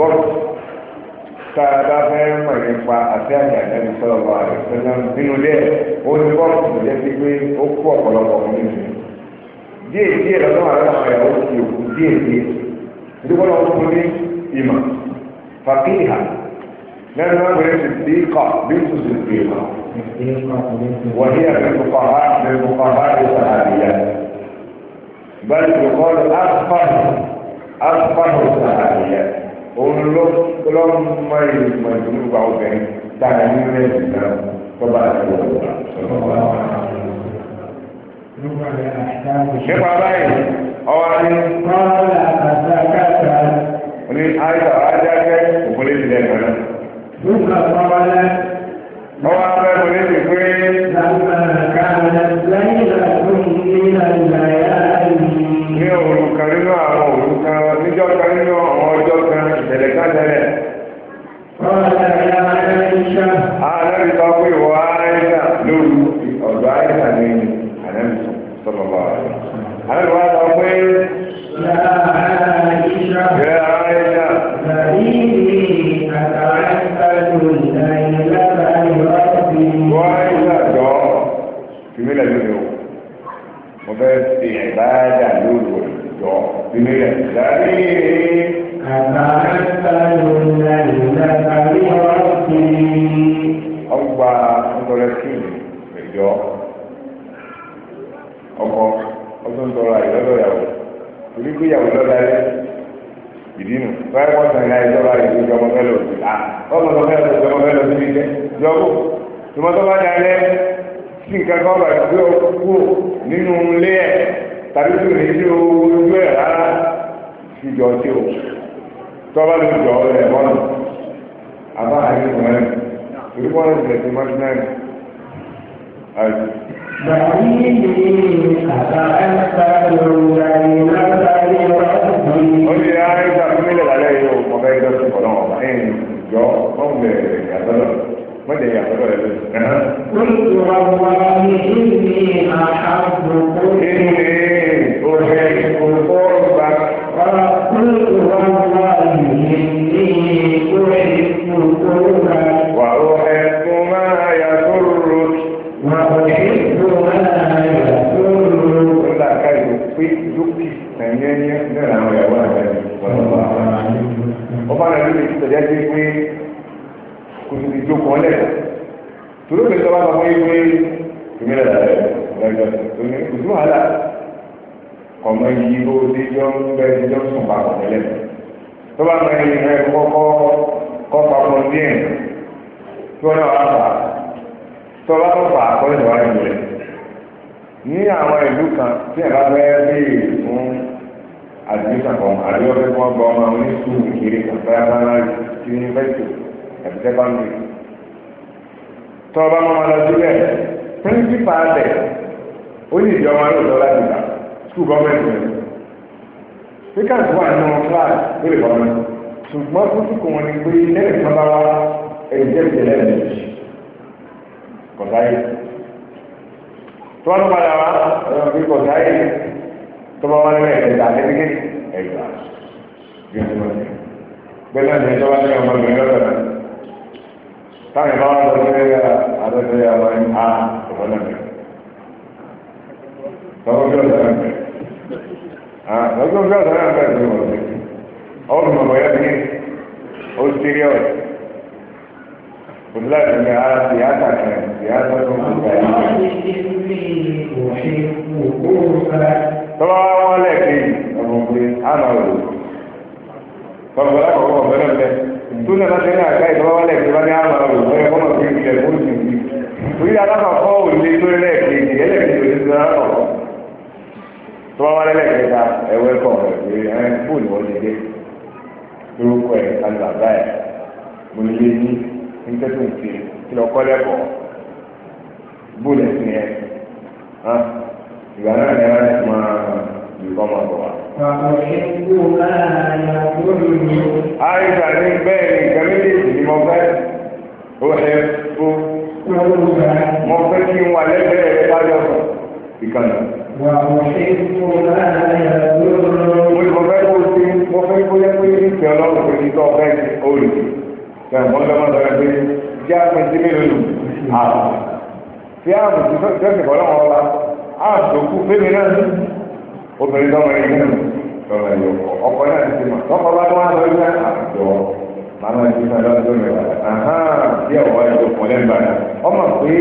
bọ́ọ̀lù tá a bá fẹ́ mọ̀ nípa àti àjàdá ní sọ̀rọ̀ bá rẹ̀ sọ́nà nínú ilé ó ní bọ́ọ̀lù tó jẹ́ sí pé ó kú ọ̀pọ̀lọpọ̀ fún mi nìyẹn díẹ̀ díẹ̀ lọ́dọ̀ àwọn àwọn ìyàwó ti òkú díẹ̀ díẹ̀ nítorí wọn fún ní ìmọ̀ fàkíhà lẹ́nu náà wọlé ti di kọ̀ bí n tún ti pè mọ́ wọ́n ní àgbẹ̀ fọkànlá àgbẹ̀ fọkànlá àti sàhàbíyà bẹ́ẹ̀ ni kọ́ ló àfọ̀nù àfọ̀nù sàhàbíyà òun ló ló mọ ìmọ̀ ìdùnnú gba obìnrin dára ní ilé ìgbà tó bá ti wọ̀ nípa báyìí ọwọ́ ni oní àìsàn ajájẹ́ òfòlé ti lẹ́nu rẹ̀. ọwọ́ abẹ́ kò lè ti pé. ní òòrùn kan nínú àwọn. Ah, ọmọ tó fẹ́ lọ sí ọmọ fẹ́ lọ sí ilé lọ́wọ́ tòmọ́ tó bá da ẹ sí nǹkan kan bá gbé ọkú nínú ilé ẹ̀ tàbí tó lè ní ojú ẹ̀ rárá ìjọ tí o tọ́ba ló jọ ọ rẹ̀ mọ́nà àbá àyè mọ́nà torí mọ́nà ti lẹ̀sìn mọ́nà náà àti. Bàbí mi àbá ẹ̀ sá lòun àyè lọ́sàáyé rọ́ọ̀tì. Ó ti rí àyè sàkúnmílẹ̀ lálẹ́ yìí o, mo fẹ́ dọ́sùn kọ̀ọ̀nà ọ̀bà ẹ̀yìn jọ wọn bẹ yàtọ̀ lọ wọn bẹ yàtọ̀ lọ yẹn lọ. kóòtù àwọn ìlú àhàbùkù. inú ni òfin olùkọ́ ọgbà. kóòtù àwọn ìlú òfin olùkọ́ ọgbà. wà ó ẹkún máa yà tó rò. wà ó ẹkún máa yà tó rò. ó dàka ìlú pé lókè nàìjíríà náà làwọn ìyàwó àgbà yìí. ọba nàìjíríà ti tẹ̀lé ẹgbẹ́ pé wọn lẹ̀ torí pé sọ́wọ́ sọ fún yín pé ìmílẹ̀ lẹ̀ lẹ́jọ́ tó ní kùtù wàhálà ọmọ yìí bó ti jọ ń bẹ ti jọ ń sùn papọ̀ tẹ́lẹ̀ tó bá mọ ẹni rẹ kọ́kọ́ kọ́ papọ̀ díẹ̀ tí wọ́n náà wá fà tó bá tó fà kọ́ ìjọba ìjọba ní àwọn ìlú kan tí ẹ̀ka fẹ́ bèèrè fún àdìsàn kan àdìsàn kan gbọ́ ọmọ oníṣòwò kiri kan fẹ́ẹ́ bá yunifásitì àti tọ́ ọba mọ́ máa lọ sí bẹ́ẹ̀ píríncípà alẹ̀ ó ní ìdí ọmọ alóòótọ́ láti gbà skul gọ́ọ̀mẹ̀ntì rẹ̀ píkàs wà nínú class lórí gọ́ọ̀mẹ̀ntì ṣùgbọ́n fúnfún kò wọ́n ní pé lẹ́yìn kan bá wá ẹ̀jẹ̀ ìjẹ̀lẹ̀ lẹ́yìn kọ̀dáyé tọ́ ọdún padà wá ẹ̀rọ bí kọ̀dáyé tó bá wá lẹ́yìn ẹ̀jẹ̀ àtẹ́gẹ́ ẹ̀jẹ̀ àti gbẹ̀dúmọ̀ pẹ̀lú ẹ̀jẹ̀ tó bá lẹ́yìn ọmọ ìgbẹ̀rẹ̀ lọ́dọ̀ náà táwọn ìbá wọn lọ sí àdọ́sẹ̀ àwọn ẹni a ọ̀rọ̀ náà bẹ̀rẹ̀ tọ́wọ́ bí ọ̀dọ́ náà bẹ̀rẹ̀ lọ́jọ́ bí ọ̀dọ́ náà bẹ̀rẹ̀ lọ́wọ́ sí ọ̀rọ̀ mọ̀mọ́ yẹn ní ó sírí ọ̀rọ̀ òdúláàdì ní ara ti àtà kan ti àtà tó ń gbà yìí. tọ́wọ́ wọn lẹ́ẹ̀kejì ọ̀rọ̀ pé a máa wò tọ́wọ́ lákòókò ọ̀bẹ náà bẹ́ẹ̀ tó náà láti ní àgbá ìjọba wálẹ̀ tó bá ní àmà òwò ẹ̀ kọ́mọ̀ fi ilẹ̀ fún ìsìnkú orí alákọ̀ọ́kọ́ ò lé tó lẹ́ẹ̀kejì ẹlẹ́ẹ̀kejì ò lé tó alákọ̀ọ́kọ́ tó bá wálẹ̀ lẹ́ẹ̀kẹta ẹ̀wẹ́ kọ̀ ẹ̀ fóònù wọn ti dé orúkọ ẹ̀ alù àbá ẹ̀ mo lè ní ní tẹ́tù kí lọ kọ́ lẹ́kọ̀ọ́ bóòlù ẹ̀sìn ẹ̀ ìgbà náà ni ìkọ́ máa bọ̀ wá. àìsà ní bẹ́ẹ̀ ni nǹkan méjèèjì ni mo fẹ́ ó ẹ fó mo fẹ́ kí n wà lẹ́gbẹ̀ẹ́ rẹ bájọ́ kan ìkànnì. mo ti mo fẹ́ kó sí mo fẹ́ kó yẹ pé ìfẹ́ ọlọ́run pé nítorí ọ̀fẹ́ òòlù ṣàǹgbọ́n lọ́mọ lọ́rẹ́ pé jẹ́ àpèjì mélòó lù àwọn. tí a mọ̀ sí fẹ́ẹ́ fẹ́ẹ́ fẹ́ẹ́ fọ́lọ́wọ́ wa a sọ kú fẹ́mi náà obìnrin tọ́mọ ẹni náà tọ́mọ ẹni ọkọ ọkọ náà ti mọ̀ tọ́kọ bá tó wá ah, lọ sí àjọ màmá ti sàn lọ́dún tó mẹ́wàá àhán bí ọ̀wá ẹ̀ tó pọ̀ lẹ́nu ọmọ pé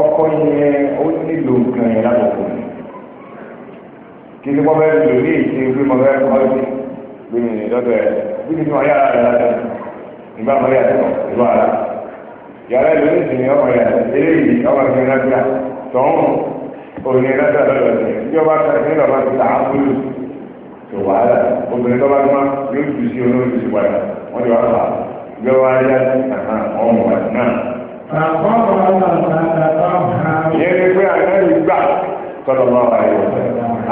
ọkọ yẹn ó nílò nǹkan yẹn lákòókò kí ni wọ́n fẹ́ẹ́ lò ní ìṣe pé mo fẹ́ẹ́ kọ́ sí pé mi lọ́dọ̀ ẹ̀ bí mi fi wọn yára rẹ̀ lọ́dọ̀ ìgbà mọ́ yàtọ̀ ìlú àrà yàrá ìlú ní ìsìn ọmọ yàtọ̀ eléyìí ọmọ ìfẹ́ náà obìnrin lọ́dọ̀ lọ́dọ̀ rẹ̀ ìjọba sàrẹ̀ nígbà máa ti ta àbúrò tó wàhálà obìnrin tó bá tó máa yóò tù sí olóòtú sí padà wọ́n ti wá fà á ìjọba ayé àtàkà ọmọ wa náà. àkọ́kọ́ ìyẹn ni pé àdáyé gbà tọ́lọ́ máa wà yóò fẹ́.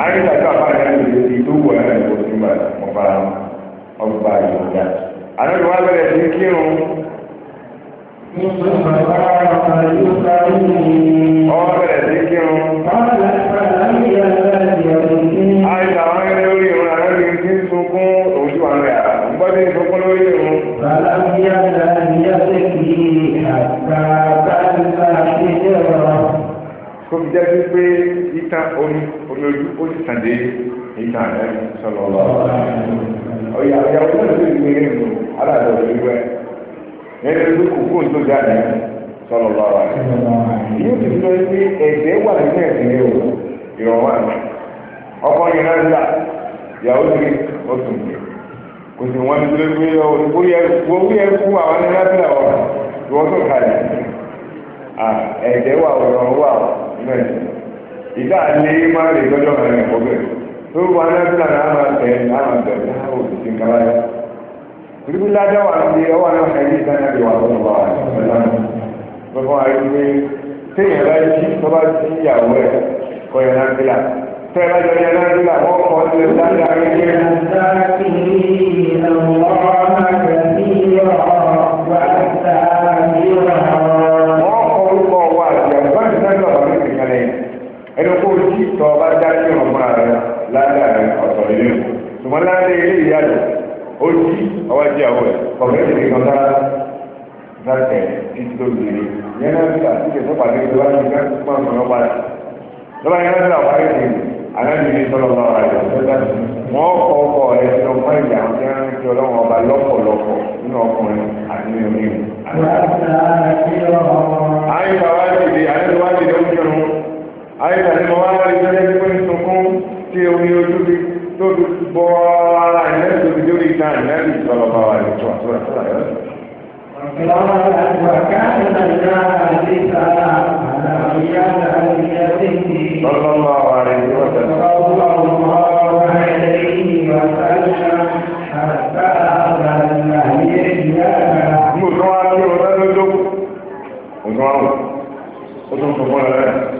ayé tàbí àbáyé àti ìrètí tó wù ẹ́ ìwòsàn ọba ọba ìwòsàn. àdáyé wa bẹ̀rẹ̀ sí kírun ọ̀rẹ́ sí kírun. àìsàn àwọn ẹni lórí ìrún àwọn ẹni tí ń sunkún òjú àwọn ẹ̀ ń gbọ́ sí sunkún lórí ìrún. Bàlámíyá Bàlámíyá Sẹ́kì àgbàgbà nípa àṣejẹ́ ọ̀rọ̀. Kó fi jẹ́ sí pé ìtàn omi omi ojú ó sì tàn dé ìtàn ẹ̀ sọ̀rọ̀ lọ. Ọ̀yà ọ̀yà ó sì ń gbé nínú aláàbò ẹni tó kù fún tó jáde sọlọ yóò ti sọ pé ẹsẹ wà nínú ẹsẹ yẹn o ìrọ̀wá ọkọ yẹn náà ń là yàwó ti o tún kò sì wọn ti lè gbé owó yẹ kú àwọn kalẹ̀ wà ọ̀rọ̀ wà nínú ìdá lè bẹ́ẹ̀ tó wà náà máa tẹ̀ náà máa tẹ̀ ríbi ládá wà ní ọwọ́ náà ṣàyí ìdáná bí wà fún wa gbogbo àyè pé téèyàn bá jí tó bá jí ìyàwó ẹ̀ kọ́ yẹn náà bílà tẹ́ bá jọ yẹn náà bílà wọ́n kọ́ ọ́ lé sáńdà rẹ̀ ní ẹ̀. wọ́n kọ́ orúkọ wa àti àgbà tí sáńdà wà ní ìpínlẹ̀ yẹn ẹni kó jí tọ́ bá dá sí ọmọ rẹ̀ ládà rẹ̀ ọ̀tọ̀ ilé ṣùgbọ́n ládà ilé ìyá rẹ̀ ó jí ọwọ́ jí àwọ̀ ẹ̀ ọ̀rẹ́ ìdílé kan dára dákẹ́ títí tó lèrè yẹn náà nígbà tí kẹsàn pàdé ìlú wájú ká pọ̀ ọ̀nà padà lọ́wọ́ yẹn náà nígbà wáyé ti alábìrin sọ̀rọ̀ lọ́wọ́ rẹ̀ lọ́sọ̀dá wọn kọ ọkọ rẹ̀ sí ọmọ ìyá tí wọ́n ti ọlọ́wọ́ ọba lọ́pọ̀lọpọ̀ nínú ọkùnrin àti nínú mímu. àyíká wá dìde àyíká wá dìde ó ń jẹun àyíká ni mo wá wá dìde ẹgbẹ́ sunkún tí omi ojú bíi lóbi bọ́ ara ìlẹ́nu tó fi lórí ìta ìlẹ́nu ìtọ́lọ́ bá wà lè tó àtúrà àtúrà yọ. صلى الله عليه وسلم mo tún wá ní ọ̀rẹ́ lójú mo tún wá mo tún sọ fún ọ̀rẹ́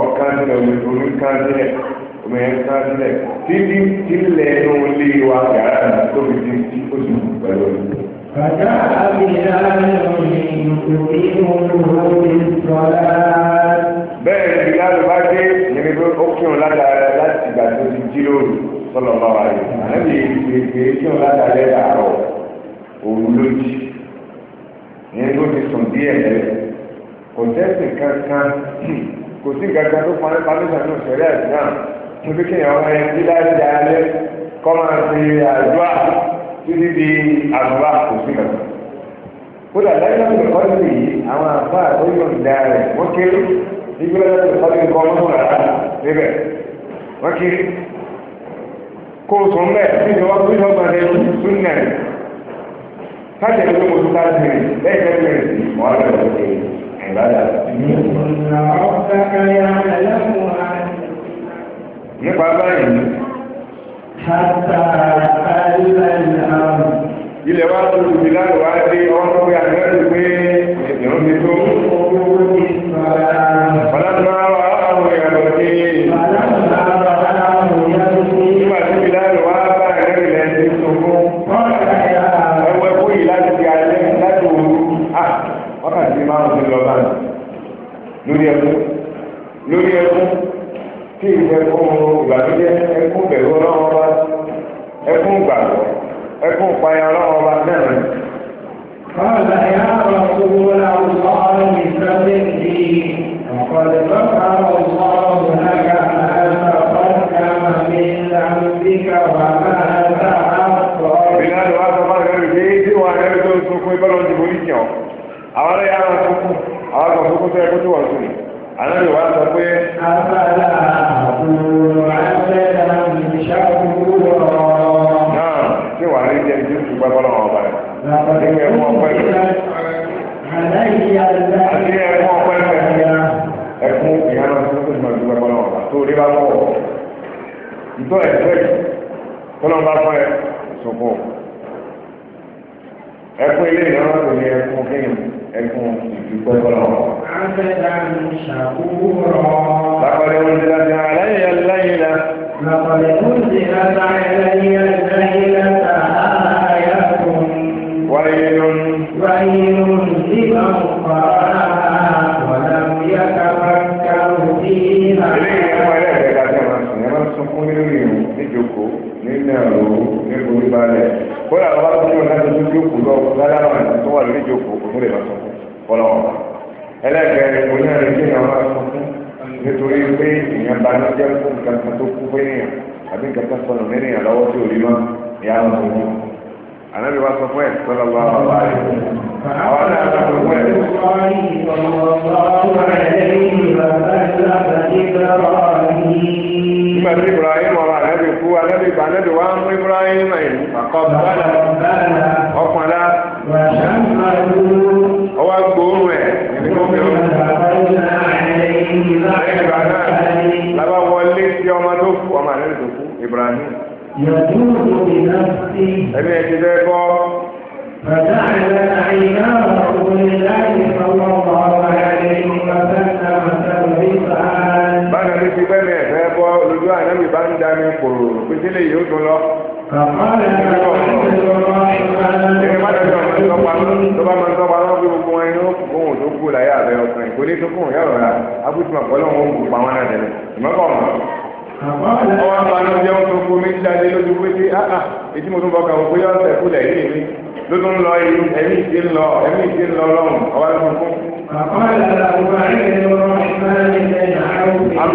ọ̀kánilẹ̀ omi kánilẹ̀ omi ẹ̀ kánilẹ̀ títí tílẹ̀ inú ilé wa yàrá mi tó fi di tí ó sì kú pẹ̀lú mi. Bàtà àbíyá ìròyìn òbí òun sọ̀rọ̀. Bẹ́ẹ̀ ni Bílálù bá dé níbi pé ó kírun ládàá láti ìgbà tó ti jíròrò sọ̀rọ̀ bá wà rẹ̀. Àlẹ́bí ìgbè kírun ládàá lẹ́yà àrọ̀ òun lójì. Ìyẹn tó ti sùn díẹ̀ lẹ́yìn. Kò tẹ́sì kankan kò sí gàgà tó pọn nípa nígbà náà sẹ̀rẹ̀ àdúrà tó fi kéèyàn ọmọ ẹni tí láti di alẹ́ kọ́ máa fi àdúrà títí di àdúrà kò sí gàgà. kódà lẹ́yìn tó kọ́ sí yìí àwọn àbá tó yọ̀ ń da rẹ̀ wọ́n kéré nígbà tó kọ́ sí nǹkan ọmọ rárá níbẹ̀ wọ́n kéré. kó o sùn mẹ́ níbi wọ́n fi lọ́gbà rẹ̀ sún nẹ̀ káàkiri tó mo tún ká sí rẹ̀ lẹ́yìn nípa báyìí ilẹ̀ wa tó lùmí láàrùn wá dé ọ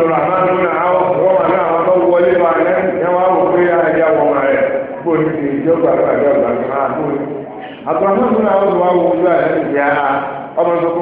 Abdulrahman ló na àwọn wọ́n wà náà wọ́n bá wọlé lọ alẹ́ ní wọ́n wò pé àyà wọ́n máa rẹ̀ bó ní ti ìjọ gbàgbà àgbà àgbà àgbà àgbà Abdulrahman ló na àwọn wọ́n wò ojú àlẹ́ ìyá ọmọ tó kù.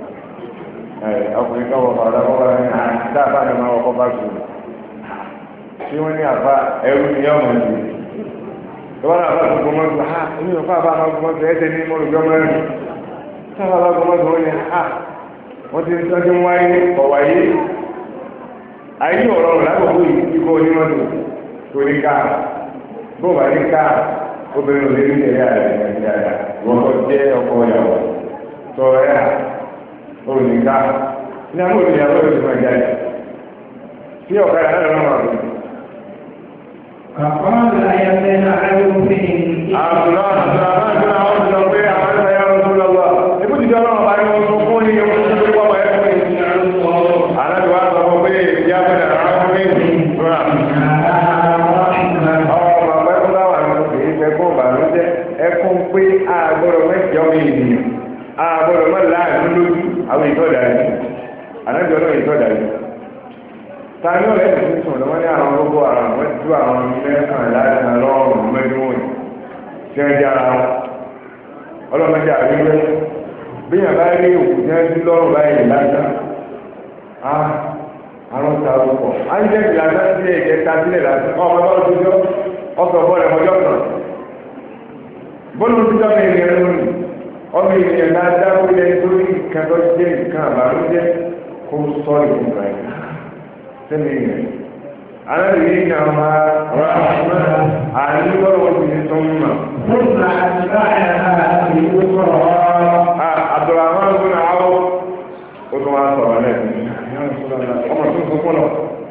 ọkùnrin kan wọ̀ bàrà wọ́n bàrà ní àdá àbá ni wọ́n kọ́ bá sùn tí wọ́n ní àbá ẹrú ni yọ̀ mọ̀ ní ìwọ́n náà bá gbogbo ha omi ò fà máa ní wọ́n ha wọ́n ti ń tọ́jú wáyé ọ̀wáyé ayé ọ̀rọ̀ lákòókò yìí tó olùdíkà ní àwọn olùdíyàwó ló ti máa jáde tí ọ̀kadà náà lọ́wọ́ máa bẹ̀rẹ̀. Àkọọ́lá ayọ̀mẹ́ náà ayọ̀ òfin. Àbùrọ̀ àbùrọ̀ àbájọ́ àwọn ọ̀dọ́ pé àwọn ọ̀dọ́ yà wọ́n lọ́wọ́. Èkó ọlọ́run bá yẹ wọ́n tó. àwọn ìtọ́ dàrí ànájọ náà ìtọ́ dàrí ọ̀rẹ́ sùn lọ́wọ́ ní àwọn gbogbo àwọn lọ́rùn wọn ọlọ́mọdé bí yàn bá rí òkú lọ́rùn báyìí lásán á àrùn ta orúkọ á ń jẹ́ ìlànà sílẹ̀ ìjẹta sílẹ̀ lásán ọmọ bọ́ọ̀lù ọmọ ènìyàn náà dáwọ́ ilẹ̀ lórí nǹkan tó jẹ́ nǹkan àbàlójẹ́ kó sọ ìgbà yìí sẹ́mi ìrìn alábìrin náà máa rà àmà àníwọ̀rọ̀ ti tó ń mà. Bùnà àtìláyà àti ìwúrọ̀. Abdulrahman bin Awọ ó tún wá sọ̀rọ̀ náà. Ọmọ tó ń sọ fún ọ.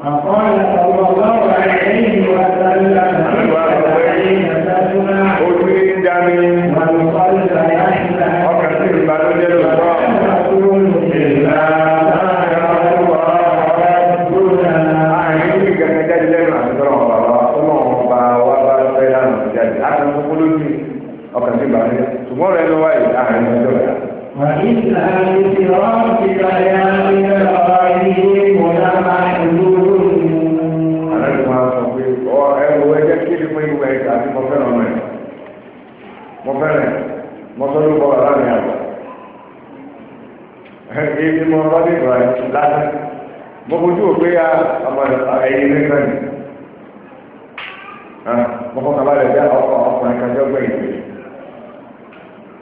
Àkọ́lẹ̀ ọ̀gbọ̀n ẹ̀yìn ìwà sálẹ̀ àti ìwà sọ̀rọ̀ yìí. Ó tún ń dá mi.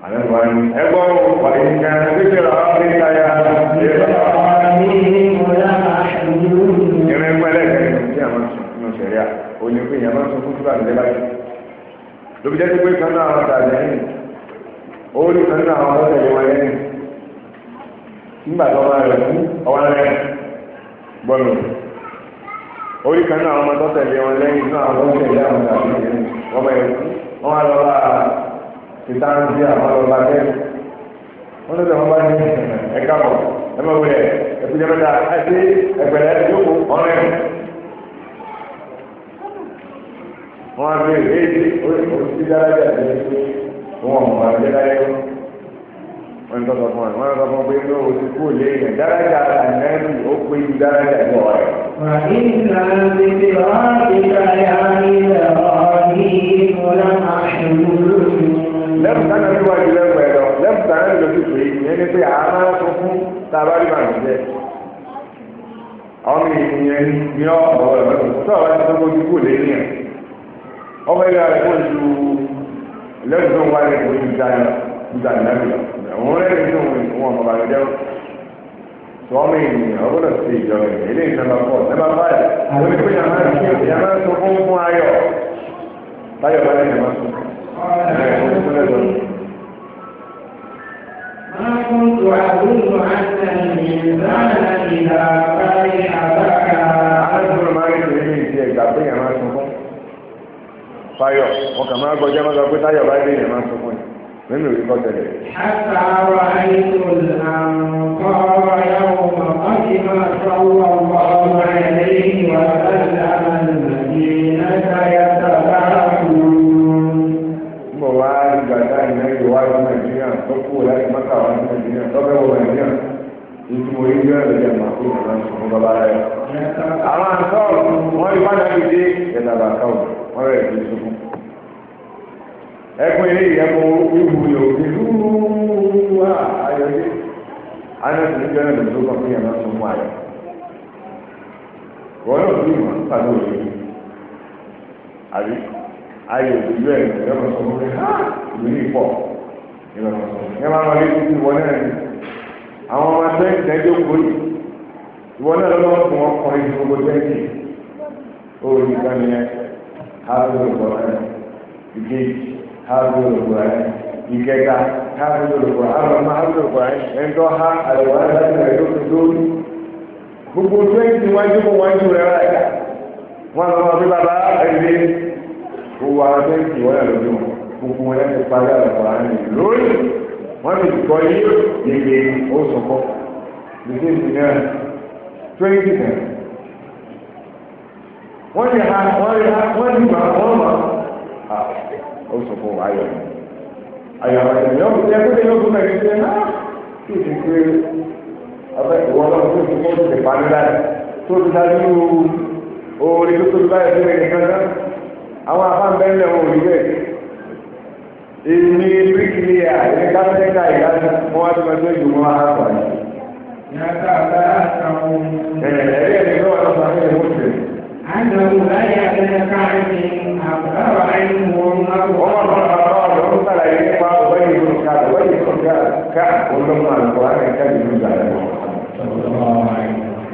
ẹgbọ́n jẹ́ pípé kan náà àwọn tàbí ẹ̀yìn orí kan náà àwọn tẹ̀lé wọn lẹ́yìn nígbà tó máa rẹ̀ fún ọwọ́ rẹ̀ gbọ́nù orí kan náà ọmọ tó tẹ̀lé wọn lẹ́yìn náà àwọn tẹ̀lé àwọn wọ́n wọ́n lọ wọn bá ní ẹ̀ka wọn bí èyí oṣù dáradà ní ẹgbẹ́ wọn mọ ẹgbẹ́ láyé wọn tọ́ sọ fún ẹ wọn sọ fún pé ní oṣù kú lé yẹn dáradà ànábì ó pé ju dáradà ní ọ̀rẹ́. وإنا بفراقك يا إبراهيم لمحزونون. لم تنم الواجب لم يدع لم تنم الواجب يعني في عمل صفو تبالي ما نزل أمي يعني يا الله سواء تقول كل يوم ọmọ ilé rẹ̀ kó ju lẹ́yìn tó ń wáyé kó ju dání nígbà nígbàgbé àwọn ọ̀rẹ́ mi tó ń wọn ọmọ bàbá jẹ́ sọmọ ènìyàn ọgbọ́dọ̀ sí ìjọ ènìyàn ilé ìjọba pọ̀ nígbà báyìí àwọn ìpín yàrá yàrá tó fún fún ayọ̀ táyọ̀ bá lẹ́yìn máa tún ẹ̀ ẹ̀ fún lẹ́dọ̀. ما كنت أقول أن الإنسان إذا فرح بكى. أنا أقول ما يريد أن يقول fáyọ̀ wọn kà máa gbọ́jọ́ máa sọ pé táyọ̀ bá dé ìyẹn máa sọ fún mi nínú ìrìkọ́ tẹ̀lé. àtàrà ètò ìlànà ọ̀rọ̀ ẹ̀wọ̀n màmá kì máa sọ ọ̀rọ̀ ọ̀rọ̀ ẹ̀lẹ́yìn wà láti Mbọ̀ wá gbàgbá ìnáyè wá ní Nàìjíríà tó kú láti mọ́ta wá Nàìjíríà tó bẹ́ẹ̀ wọ Nàìjíríà ìtumọ̀ yìí gbé ẹ̀rọ ìjàmbá tó yàrá ń sọ bàbá rẹ̀. Àwọn àǹtọ́ wọn ìbáná fi dé ẹ̀dàgbà káwọn wọn rẹ̀ fi sọ ẹkùn ilé ìyẹ́kùn ìhù yòó ní lúúú ayọ̀dé anẹ́sìn níjọ́ náà lòdì lókàn fún yàrá tó mú ayọ̀ wọ́n náà bí ìmọ̀ nípa ní òye àbí ayọ̀ ìlú ẹ̀ ìyá máa sọ fún mi ha ìlú ní pọ̀ sọ fún mi máa lé títí ní àwọn ọmọ ẹgbẹ́ ìdájọ́ lọ́wọ́ fún ẹ̀ hafizul Qur'an ìkẹta hafizul Qur'an àwọn ọmọ hafizul Qur'an ẹ̀ńtọ́ ha àlùwà láti rẹ̀ lókun lórí gbogbo twenty wájú kó wájú rẹ̀ ráyà wọn lọ bí bàbá ẹni gbogbo àwọn twenty wọn yà lójú wọn gbogbo wọn láti parí àlùwà ní lórí wọn ti kọ́ yí yege ó sọ̀kọ́ lùdí ìpínlẹ̀ twenty náà wọ́n ti ha wọ́n ti ha wọ́n ti gbà wọ́n mọ̀ ó sọ̀kò ayọ̀ ayọ̀ àti yóò jẹ́ pé yóò tún bẹ̀rẹ̀ ṣe náà kí ìdí pé ọbẹ̀ ìwọ náà tó ti mọ́ ti pa nílá rẹ̀ tó ti dá nínú orí tó tóbi báyìí tó rẹ̀ nìkan náà àwọn afáǹbẹ́ńlẹ̀ wọn ò rí bẹ́ẹ̀ èmi bíkìlì à èmi káfíńtà ìlànà mo wá ti máa tó ìdùnnú àhàbọ̀ yìí. yàtọ̀ àbáyà kan. ẹ̀ẹ́dẹ́gbẹ̀rún أنه لا يدفع من أبغى عنه Ọlọ́run àgbà rẹ̀ kẹ́lì ló gbà lẹ́wọ̀n.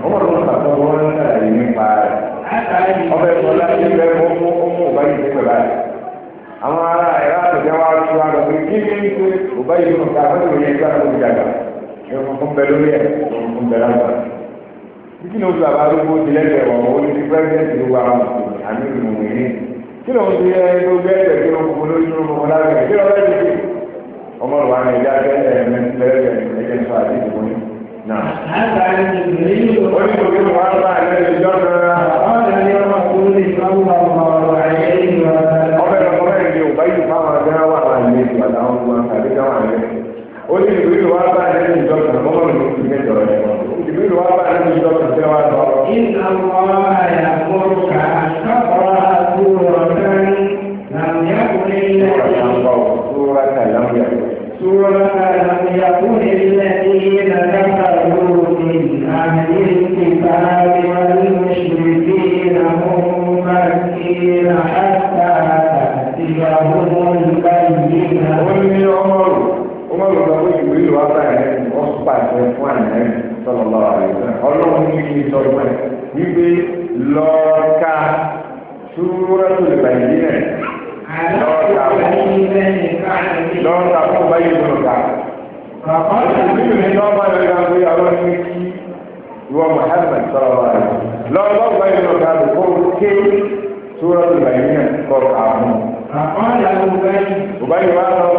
Ọmọ ọdún kan tó wọ́n ń tẹ̀lé nípa rẹ̀. Ọbẹ̀ ìfọ̀lá ti bẹ mọ́ mú ọmọ ọba yìí ti pẹ̀lá rẹ̀. Àwọn ará ẹ̀rọ àtẹ̀jẹ́ wa ti wá lọ pé kí ni pé ọba yìí ló ń ta fún ìròyìn ìgbà tó ń jàgbá. Ẹ̀fọn fún bẹ lórí ẹ̀ fún bẹ lágbàá kí ló ń bàbá arúgbó ti lẹ́gbẹ̀ẹ́ wọn ó ní ti pẹ́ẹ́sẹ̀tì ló wà á mọ̀ sí àmì ìmùmí ní kí ló ń fi ẹ ló gbẹ́sẹ̀ kí ló ń fún lórí ló ń fún lábẹ́ kí ló bẹ́ẹ̀ ti fi ọmọ rẹ̀ wà ní ilé abẹ́lẹ̀ mẹ́tẹ́lẹ́gbẹ̀ẹ́ Nah. Ada yang beri. Oh, itu kan warna ada di sana. Ada yang aku di sallallahu alaihi wasallam. Orang orang yang baik sama dengan warna ini pada Allah tadi kawan ini. Oh, itu kan warna wá bá nínú ìjọ kan tẹ́ wá lọ. iná wọn àyàwó kà sọ́kọ̀ àbúrò kan làmúyàkùnrin ilẹ̀ yìí. sùúrà kà làmúyàkùnrin. sùúrà kà làmúyàkùnrin ilẹ̀ yìí làdákà lóòrùn àmì ìtìpá wọn mùsùlùmí làwọn mọ̀kìlá àtà ìyàwó wọn báyìí. wọ́n ní ọmọ rò ọmọ rò lọ́wọ́ ìwé ìlú abáyé wọ́n pàṣẹ fún àná sọlọ́lá wa ọlọ́run ní kí n sọ ìwọ̀n wípé lọ́ọ̀ka súrọ́tò lè bàyìí nílẹ̀ lọ́ọ̀ka lọ́ọ̀ka fún báyìí lọ́ọ̀ka. Ìgbìmọ̀ ní ọba rẹ̀ ga pé ọlọ́run ní kí ìwọ Mùhàmmad sọ̀rọ̀ wa rẹ̀. Lọ́ọ̀ka báyìí lọ́ọ̀ka lè kó ké súrọ́tò bàyìí nílẹ̀ kọ̀ọ̀ka fún. Àkọ́ọ̀lá Òbáyé. Òbáyé wa sọ náà lọ.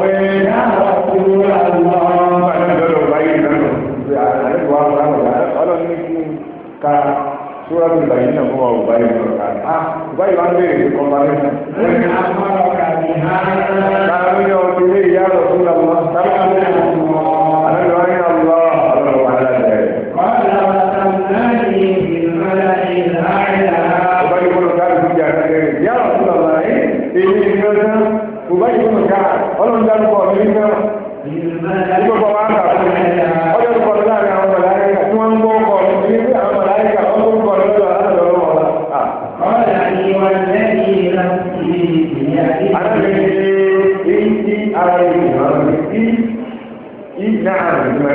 Àlejò ọlọ́run ní kí n ka sóra tó ìbàyí náà fún wa ò báyìí lọ ká a báyìí wá ń béèrè ní kọ́ńpáníṣà. táwọn ní ọdún ilé ìyá rẹ̀ fún lọ́wọ́ táwọn ní ọdún ilé ìyá ọlọ́run dárúkọ ọ̀rẹ́ nígbà ọjọ́ ìkọ̀ọ̀lẹ́ láàrin àwọn ọ̀lẹ́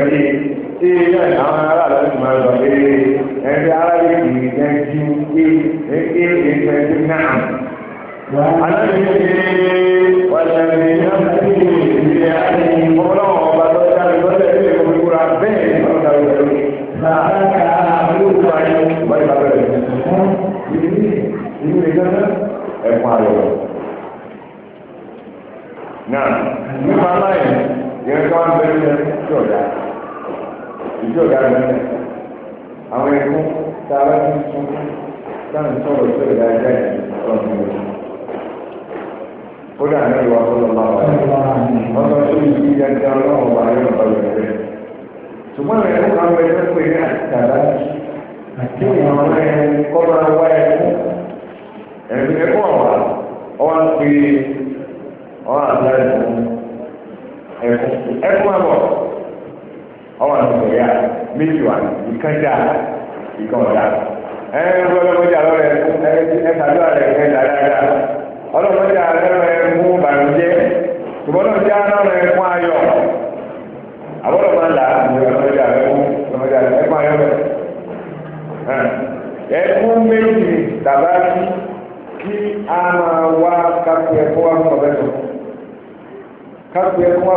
nǹkan bí ee náà ní àwọn ará àlọ́ máa lọ ee ẹni ará lè kì í náà ju ee ee ee náà ju náà. Àlọ́ mi ṣe wàlẹ̀ mi náà ti ṣe ìdílé àti ìmọ̀lọ́wọ́ ọba tó dá mi lọ́sẹ̀ tó lè kọ́ mi kúra bẹ́ẹ̀ ni wọ́n dá mi lọ́sẹ̀. Bàbá àbúrò wa ni wọ́n ti bá bẹ̀rẹ̀ ìlú rẹ̀ gánà ẹ̀kọ́ àyọ̀rọ̀. Náà, nípa láyé, yẹn ká ń bẹ̀rẹ̀ ní ọ̀dà ìdí ọ̀gá gbẹ̀mẹ̀ àwọn ẹ̀kún tá a bá ti sún sáà sọ̀rọ̀ sọ̀rọ̀ dáadáa yìí ọ̀rọ̀ mi lọ. ó dà ní ìwà ọ̀rọ̀ máa wà ní tó yìí kí yẹn dáná ọ̀rọ̀ máa yọ̀ ọ̀rọ̀ rẹ̀ rẹ̀. ṣùgbọ́n ẹ̀rọ kan wọ ẹgbẹ́ pé ní àtàlá kí ìwọ̀n rẹ̀ kọ́ wá ẹ̀kún ẹ̀mí ẹ̀kún ọ̀wà ọ̀wà ń pè ọ̀wà àtàlá ẹ̀kún ẹ̀kún àbọ̀. ọwọ́ àti ya méjì wà ìkẹjà ìkọ̀ọ̀dà ẹ ẹ ọlọ́mọdé àlọ́ rẹ ẹ tàdúrà rẹ ẹ dáadáa Ọrụ àlọ́ rẹ fún bàrúnjẹ ṣùgbọ́n ọlọ́mọdé àlọ́ rẹ fún ayọ̀ àwọn ọlọ́mọ àlà ọlọ́mọdé àlọ́ fún ọlọ́mọdé ọrụ rẹ ẹ méjì sí kí a máa wá kápẹ́ wá kápẹ́ wá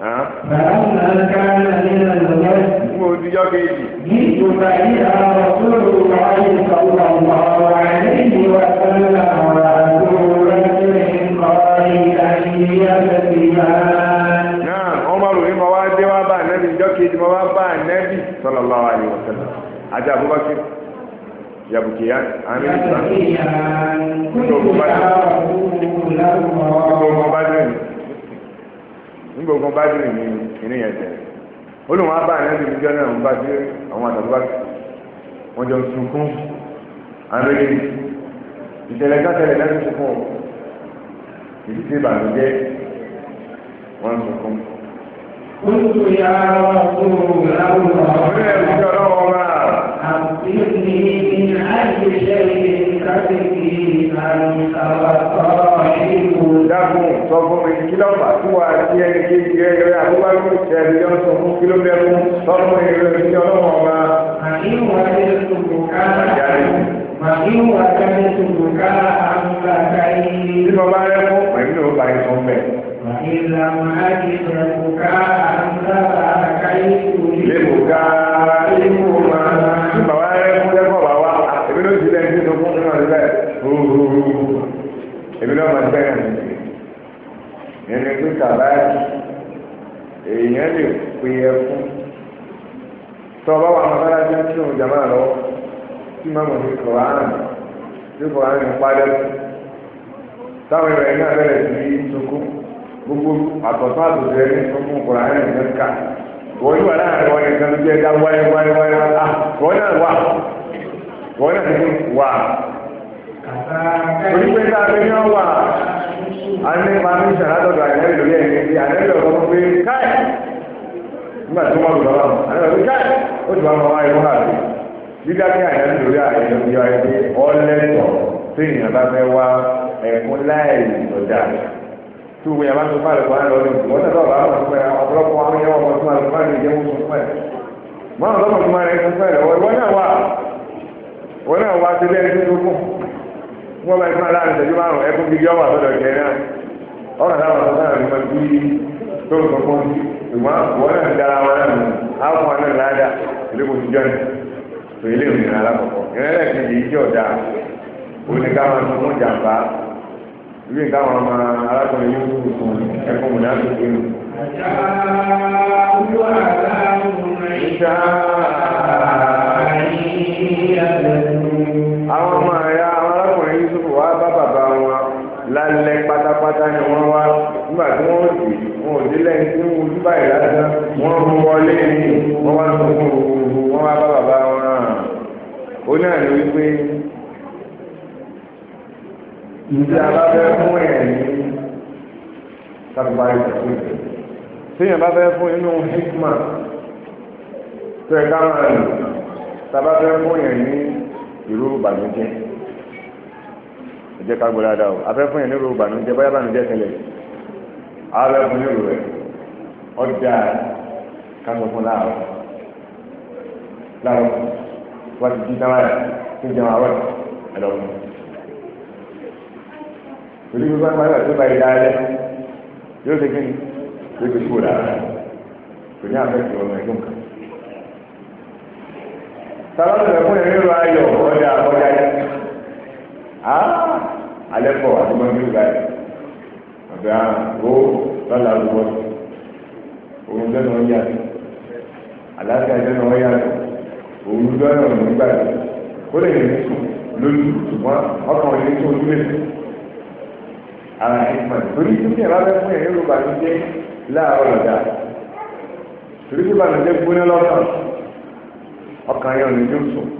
Mo ti yọ kejì. Nígbà yìí àwọn tó lò wáyé sọ̀rọ̀ àwọn àìní ìwà sọ́lá àwọn àgbò rẹ̀ tó ń ìdájí yàtọ̀ sí máa. Náà, wọ́n rò ní mo wá dé wá bá ànẹ́bì, ìjọ kejì mo wá bá ànẹ́bì sọ̀rọ̀ nígbàgbọ́ bá dùn ní inú yẹn tẹ̀ olùwọ́n abá ànábì níjọ́ náà ń bá dé àwọn àtàkùn bá wọ́n jọ sunkún àrẹ́lẹ́ ìṣẹ̀lẹ̀ kásẹ̀lẹ̀ náà ń sunkún ìdí tí ìbànújẹ́ wọ́n sunkún. Kúntù ya ọ̀rọ̀ láwùrọ̀. Ọ̀rẹ́ ẹ̀ ń jọ lọ́wọ́ wa. Àbí ní àyè ṣẹlẹ̀ káṣíkì àrùn àwàkọ́ ìlú. Dákun sọ fún kílọ̀fà tó wà sí ẹni kéjì rẹ̀ rẹ̀ àbúgbàgbò ìṣẹ̀lẹ̀ ìjọ sọ fún kílómẹ́rù lọ́mọ ìrẹ̀ ìṣẹ́ ọlọ́wọ́ ọba. màdínwó akẹ́kẹ́ tó kò ká àmúlá káyé. tí mo bá rẹ́ fún pẹ̀lú ló bá ìfọ̀ mẹ́. ìlànà àkẹ́kẹ́ kò ká àmúlá káyé. ilé kò ká ilé kò máa. tí bàbá rẹ́ fún lẹ́kọ̀ọ́ bá wá èmi ló ti lẹ́yìn tó fún nínú ọ̀rẹ́ bẹ́ẹ̀. èmi lọ́ọ́ máa gbẹ́yàn ẹni pé kàbáyé èèyàn lè pe ẹkún tó ọba wà máa lájá tí òun jàmá lọ tí tí ń padà táwọn náà bẹ̀rẹ̀ sí í gbogbo àtọ̀tọ̀ àtọ̀tọ̀ ẹni nìkan ká wọ́n yóò wà láàrin wọn tó jẹ́ wáyé wáyé wáyé ah, wọ́n náà wà wọ́n onígbé tá a fẹ́ wa ọ̀wà a ní pàmíṣà látọ̀dọ̀ àyẹ̀lẹ́ lórí ẹ̀yìn bí àyẹ̀lẹ́ ọ̀gá wọn pé káì nígbà tí wọ́n lọ bá wọn àyẹ̀lẹ́ pé káì ó ti bá wọn wọ́n bá ìfúnra láàrin ìṣẹ́jú márùn-ún ẹkún gidi ọwọ́ àtọ́jọ jẹ náà ọ̀rọ̀ náà wọ́n sọ́nà ní wọ́n bí tó ń sọ́kún sí ìwọ́n wọ́n náà ń dára wọn náà nù áwọn náà láàdá ilé kò ti jọ ní tó ilé ìrìn alákọ̀ọ́kọ́ ìrẹ́lẹ̀ kejì ìjì ọ̀dà oníkàwọn tó ń jàǹbá ilé ìkàwọn ọmọ arákùnrin àwọn ọmọ ẹ̀yà ọmọ Yusuf wá bá bàbá wọn lálẹ́ pátápátá ni wọ́n wá nígbà tí wọ́n dì wọn ò délẹ̀ ní ojú báyìí lásán wọ́n mú wọlé ní wọ́n wá sọ fún òwúrò wọ́n wá bá bàbá wọn hàn ó náà ní wípé ìdí abáfẹ́ fún ẹ̀ ní sábàbáyé tẹ̀síwì téèyàn bá fẹ́ fún inú hikma tó ẹ̀ká máa lò sábàfẹ́ fún ẹ̀ ní ìró bàjẹ́jẹ́ ẹ jẹ́ ká gbọ́ dáadáa o abẹ́ fún yẹn ní ròó bànújẹ́ bóyá bànújẹ́ ṣẹlẹ̀ abẹ́ fún yẹn ròó rẹ̀ ọjà kásọ̀ fún láàrọ̀ láàrọ̀ wá ti di náà tó jẹun àárọ̀ ẹ̀ lọ́wọ́ torí bí wọ́n máa ń tó báyìí dáadẹ́ yóò ṣe kí ni yóò ti kú dáadáa kò ní àfẹ́sì ọmọ ẹ̀gbọ́n kan. sábà tó lè yẹn ní ròó ayọ̀ ọjà ọjà yẹn alẹ́ pọ̀ àti mọ́jú báyìí ọ̀gá ó lọ́la lọ́wọ́ òun lọ́nà ọ̀yà àlàáfíà lọ́nà ọ̀yà òun lọ́nà ọ̀gbà kó lè yẹn sùn lójú ṣùgbọ́n ọkàn òye tó ojú èso ara ìgbà torí tí ní ìrọ̀lẹ́ fún ẹ̀yìn ló bá ti jẹ́ láàárọ̀ lọ́dà torí tí bá ti jẹ́ gbóná lọ́kàn ọkàn yẹn ò ní yóò sùn.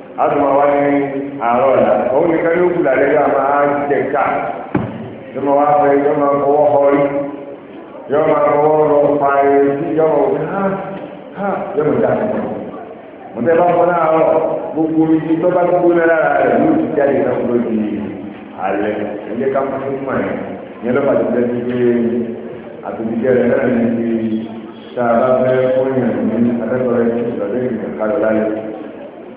àtùmọ̀ wá ní àárọ̀ ọ̀la òun nìkan ló kù lálẹ́ yóò máa jẹ ká yóò máa wá fẹ́ yóò máa fọwọ́ họrí yóò máa fọwọ́ lọ pa ẹyẹ sí yóò máa wọ́n ha ha yóò máa dà nù. mo tẹ́ bá fọ́ náà rọ̀ gbogbo ibi tó bá gbogbo náà lára rẹ̀ yóò ti jáde náà kúrò di alẹ́ ẹ̀yẹ ká fún fún mọ̀ ẹ̀ yẹn lọ́ba ti jẹ́ pé àtòjíjẹ́ rẹ̀ náà ní ti tá a bá fẹ́ fún ìrìn àtẹ́kọ̀ọ́ rẹ̀ ti lọ́dẹ́ ìrìn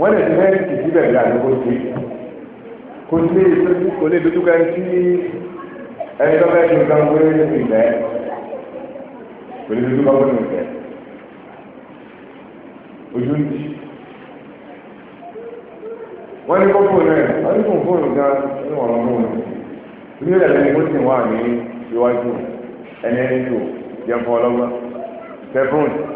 wọ́n lè fẹ́ kìkì bẹ̀rẹ̀ àdúgbò sí kò sí kò lè dojú kan tí ẹni tó fẹ́ kí nǹkan wé ìfẹ́ kò lè dojú kan wé ìfẹ́ ojú ń tì wọ́n ní kó fóònù ẹ̀ wọ́n ní kó fóònù gan ní wọ́n mú un ní ìrẹ̀ lẹ́yìn kó sì wà ní iwájú ẹni ẹni tó jẹun fún ọlọ́gbọ́n tẹ fóònù.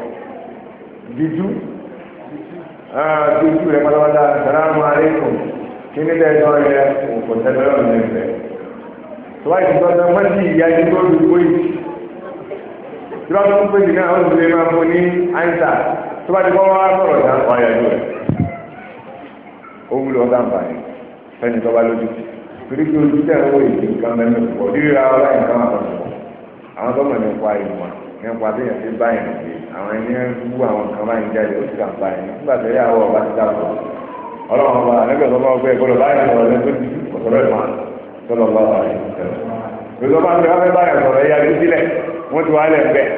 dídú dídú rẹ̀ pátápátá sàlámù aláìkùm kí nílẹ̀ ẹ̀dọ́ rẹ̀ kò tẹ́lẹ̀ lọ́nà ẹ̀fẹ̀. tó wáyé tó tọ́jú wọ́n ti ìyá ẹni tó lù wọ́n yìí. tí wọ́n tún pèsè náà wọ́n ti lè máa fún ní àìsà tó bá ti kọ́ wá sọ̀rọ̀ ìyá ọ̀yà ìlú rẹ̀. ó wúlò ọ̀gá àǹfààní fẹ́ni tó bá lójú torí pé ojú tẹ̀ ń wọ ìdí nǹkan mẹ́rin pọ̀ rírà ọlá nǹkan àpapọ̀ àwọn tó mọ̀ nípa ìmọ̀ nípa bí èèyàn ti bá yẹn pé àwọn ẹni ń wú àwọn kan máa ń jáde ó sì kà ń bá yẹn nígbà tó yà wọ ọba ti dàpọ̀ ọlọ́run ọba àlẹ́gbẹ̀ tó máa gbé ìgbọ́dọ̀ báyìí lọ rẹ tó ti kọ̀tọ̀rọ̀ ẹ̀ máa tọ́lọ̀ bá wà ní ìṣẹ̀lẹ̀. ìjọba ti wá fẹ́ báyìí sọ̀rọ̀ ẹ̀yà tó sílẹ̀ wọ́n ti wá lẹ̀ bẹ́ẹ̀.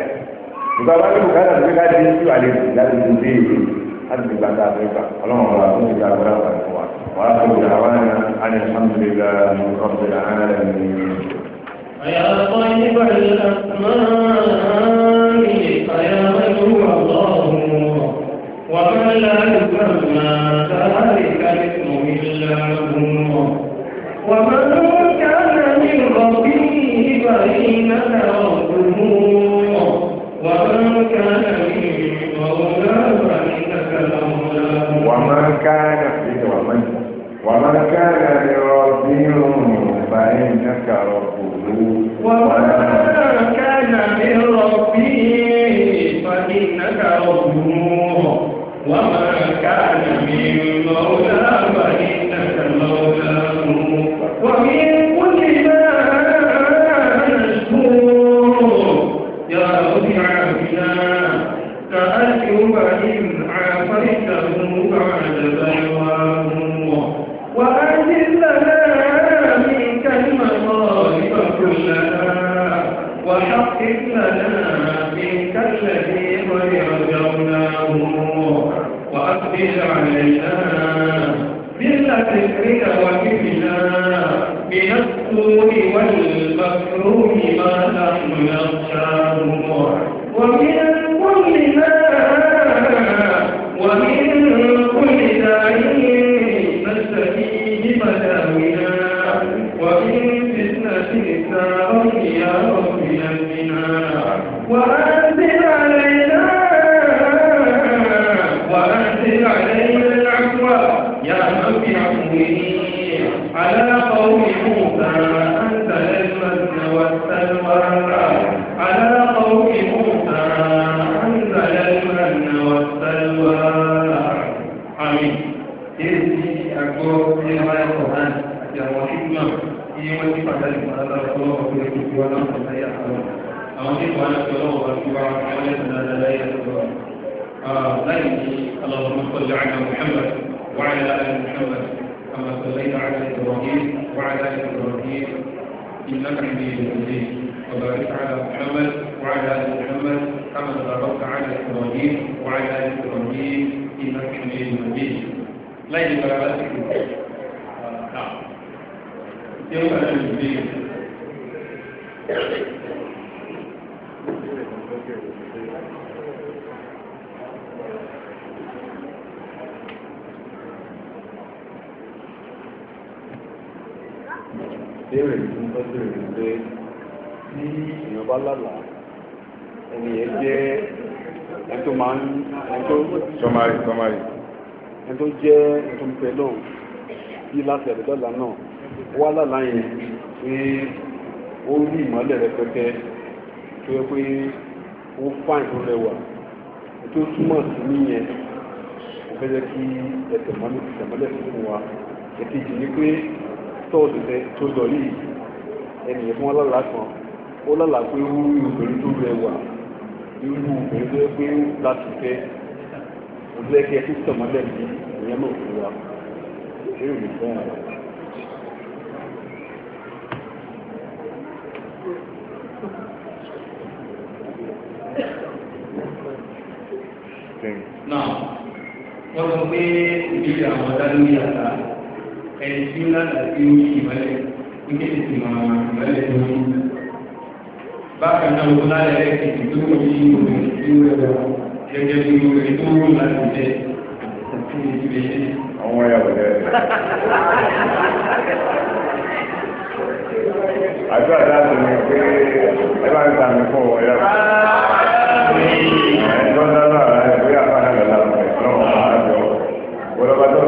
ìjọba ní bùkátà tó ká di ìṣú àlè láti ti dé èyí láti ti gbàgbà àfẹ́gbà ọlọ́run ọba tó ti gbàgbà فيا طيب الأسماء فيا من هو الله ومن لا ذلك إلا هو ومن كان من ربه فإنك ومن كان من مولاه فإنك ومن كان ومن كان إنك حميد مجيد وبارك على محمد وعلى آل محمد كما باركت على إبراهيم وعلى آل إبراهيم إنك حميد مجيد لا يبارك نعم يوم الجميل Thank you. ìbéèrè tí ń tọ́jú rẹ̀ ni pé tí èèyàn bá lálàá ẹni yẹn jẹ́ ẹni tó máa ń ẹni tó sọmarì sọmarì ẹni tó jẹ́ ẹni tó ń pẹ lọ́hùn bí láti ẹ̀dọ́dọ́là náà wá lálàá yẹn pé ó rí ìmọ́lẹ̀ rẹpẹtẹ tó yẹ pé ó fáìn tó rẹwà tó túmọ̀ sí níyẹn kò fẹ́ jẹ́ kí ẹ̀tẹ̀mọ́lẹ̀ fún wa ẹ̀kejì ni pé tó o sì fẹ́ tó jọ yìí ẹnìyẹn fún ọlọ́lá kan ó pé ó rí obìnrin tó rẹwà irú obìnrin tó pé láti fẹ́ òbí ẹkẹ tó tọ̀mọ́lẹ̀ mi ìyẹn náà fi mi fẹ́ wọ́n sọ pé àwọn ọ̀dá ẹni tí ó lára tí ó yí ìmọ́lẹ̀ nígbà tí ti máa ìmọ́lẹ̀ tó yí. bákan náà ó lára ẹ̀kẹ́kẹ́ tó wọ́n yí obìnrin tí ó rẹ̀ wọ́n gẹ́gẹ́ bí obìnrin tó wọ́n láti jẹ́ àti ìdílé yẹn. ọmọ ya wò lẹ. àjọ àdá tó ní pé ẹ bá ń ta mi fún ọwọ́ yàrá. ẹ̀jọ́ dáná àrà ẹ̀gbẹ́ àbáyọ̀ làwọn ẹ̀gbọ́n ọ̀hún àjọ.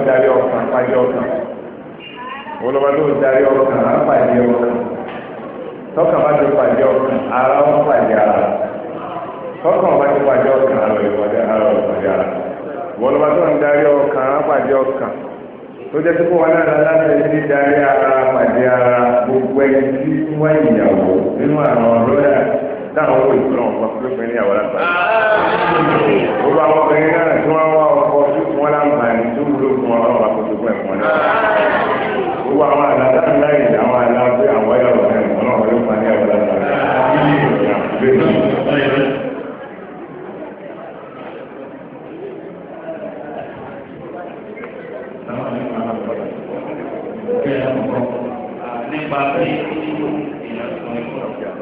darí ọkàn pàjọ́ ọkàn. olùwà ló darí ọkàn á pàdé ọkàn tọkàn bá ti pàdé ọkàn ara ó pàdé ara tọkàn bá ti pàdé ọkàn ara ìwọlé ara ìwọlé ara olùwà darí ọkàn á pàdé ọkàn tó jẹ́ ara pàdé ara gbogbo ẹni tí wọ́n ìyàwó nínú àwọn ọlọ́yà táwọn owó ìtura wọn gbogbo àwọn náà tí wọ́n wá gbogbo àwọn àlàdá láì àwọn àlàbẹ́ àwọn ayàwó náà ọ̀nà ọ̀rẹ́ fún ayé àwọn àlàdá nípa pé èèyàn sọ ẹ̀kọ́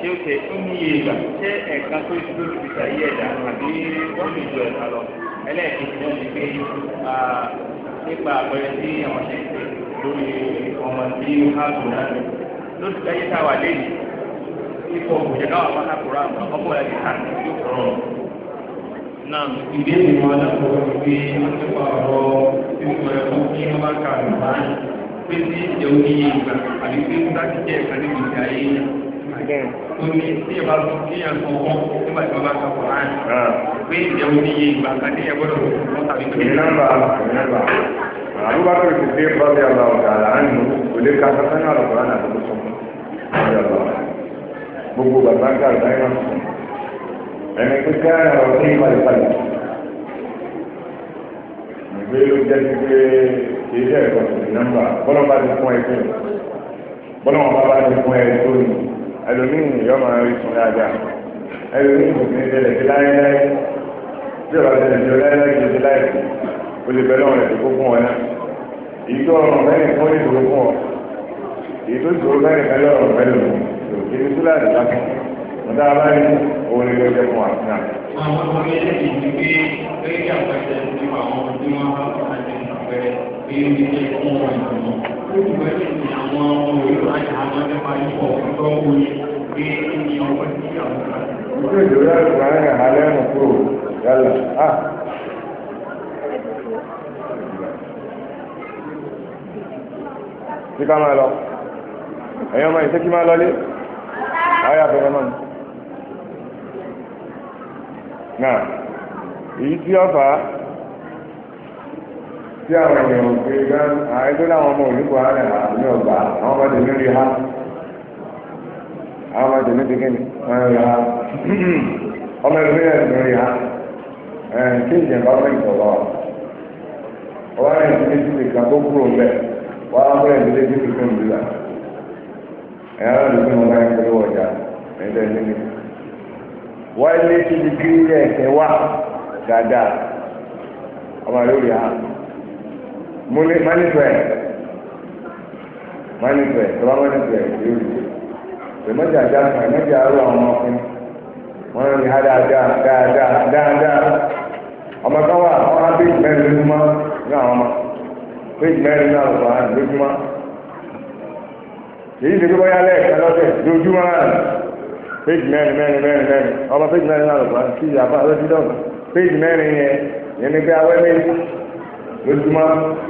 ṣé o tẹ tó ní iye gbà ṣé ẹ̀ka náà ni pé nípa àpẹẹrẹ tí àwọn ṣe ń pè lórí ọmọ tí háàbù náà lò lóṣù kẹyìn tá a wà lẹ́yìn ipò òkùnjẹ náà wà pátá kúrò àwọn ọkọ̀ láti kà yóò kọ̀rọ̀ náà. ìbéèrè wọn lákòókò pé wọn ti pa ọ̀rọ̀ fífọ ẹ̀kọ́ kí wọn bá kà lọ bá pé sí ìjẹun ní ìgbà àbí pé wọn bá ti jẹ ẹ̀ka níbi ìjà yìí omi tí yẹn bá lọ kí yẹn kọ wọn nígbà tí wọn bá sọkọ náà ah. pé ìjẹun ní iye ìgbà kan tí yẹn gbọ́dọ̀ wọn tàbí tó yẹ. nọ́mbà nọ́mbà Abubakar ti dé bọ́ọ̀lì ọ̀la ọ̀gá àánú òlé ká sọ́kánná ọ̀lọ́kọ̀ọ́ náà tó sọ gbogbo bàbá ń gbàgbá yẹn wọn sọ ẹni tó ká ọ̀rọ̀ ní ìpalẹ̀palẹ̀ ìgbé ló jẹ́ ti pé ilé ẹ̀kọ́ tó ní ti fún ẹ tó bọ́lọ́ bá bá ti fún ẹ tó ní ẹlòmíì yọ máa rí sun dáadáa ẹlòmíì kò ní tẹlẹ ti láéláé tí ọba tẹlẹ ti láéláé ti láé o lè bẹ̀rẹ̀ ọ̀rẹ́ tó fún ọ náà èyí tó ọrùn mẹ́rin fún ìdòwò fún ọ èyí tó ìdòwò mẹ́rin fẹ́ lọ́rùn mẹ́rin lò kí ni túláàdì lásán ọ̀dà abáyé òun ni lóye fún wa náà. àwọn ọmọ ilé ìdí pé lórí àpẹẹrẹ nípa àwọn ọmọdé wọn bá wọn àti ìpẹrẹ pé ó ti jẹ fún wọn ìdùnnú ìwé ní àwọn ọmọ ìlú àti àwọn ẹgbẹ́ ìfọ̀ tó ń wòye pé ní ọwọ́ sí àwọn ọmọ ìlú ìjọba ìgbà yẹn alẹ́ nù kúrò yálà á. kí ká máa lọ ẹ̀yin ọmọ ìṣe kí máa lọlé ayé èyí tí ó fà á. tí àwọn èèyàn ò pé gan ààrẹ láwọn ọmọ òní buhari àmì ọgbà àwọn ọmọ tèmi rí ha àwọn ọmọ rí ha ọmọ ẹgbẹ́ yẹn rí ha kí ìjẹ̀mbá fẹ́ ìtọ̀lọ́ ọwọ́ rẹ̀ ti létí mi kan tó kúrò ń bẹ̀ wọ́n á bẹ̀rẹ̀ mi kan pẹ̀lú ọjà ẹ̀kẹ́ dáadáa ọmọ rí ha. mo ní manifest manifest yóò di kan ní ní àwọn ní àwọn èyí ti náà péjì péjì náà kí ìyàbá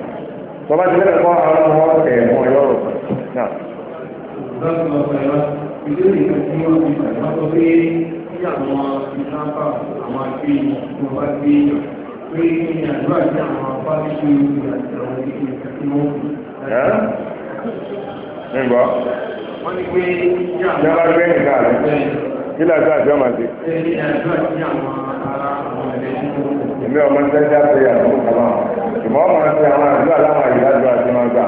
tọ́ba ti fẹ́ kọ́ àwọn ọmọ ọ̀tẹ̀ ẹ̀fọn yọrọ náà. Nígbọ́. Wọ́n ní pé yàrá gbé nìkan rẹ̀. Kí lásán àti ọmọ àti? Ṣé ní àdúrà sí àwọn ará àwọn ẹ̀rẹ́ tó ń bọ̀? èmi ọmọ ń tẹ́jà pé àdúgbò kama ṣùgbọ́n ọmọ ti àwọn àdúgbò aláwọ̀ àyílájú àti máa gbà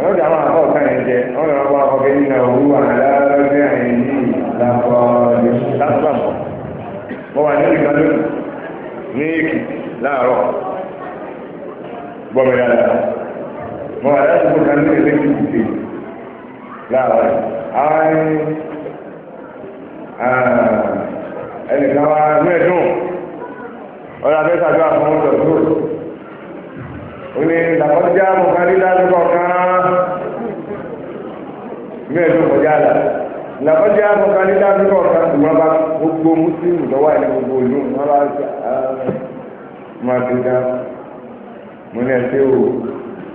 wọ́n ti àwọn àkọ́ ọ̀kan yẹn jẹ wọ́n lọ́wọ́ bá ọkọ̀ bẹ́ẹ̀ nínú òwú àlàáfẹ́ àyẹ̀yí làkọ́ọ̀dù lásìkò mo wà nínú ìgbà lónìí ní èkì láàárọ̀ gbọ́mọ yàrá mo wà lásìkò kan ní eléyìí ìdè láàárọ̀ àwọn ẹnìkan wa mẹ́ẹ̀dùn ọ̀rọ̀ abẹ́sà tó àwọn ọmọ ọ̀dọ́ ó ní làkọ́jà mọ̀kànlélá lọ́kọ̀ kan mẹ́ẹ̀ẹ́dọ́ kọjá là làkọ́jà mọ̀kànlélá lọ́kọ̀ kan ṣùgbọ́n bá gbogbo mùsùlùmí lọ́wọ́ àìní gbogbo ìlú wọn bá ah, máa fi dá mo ní ẹsẹ̀ o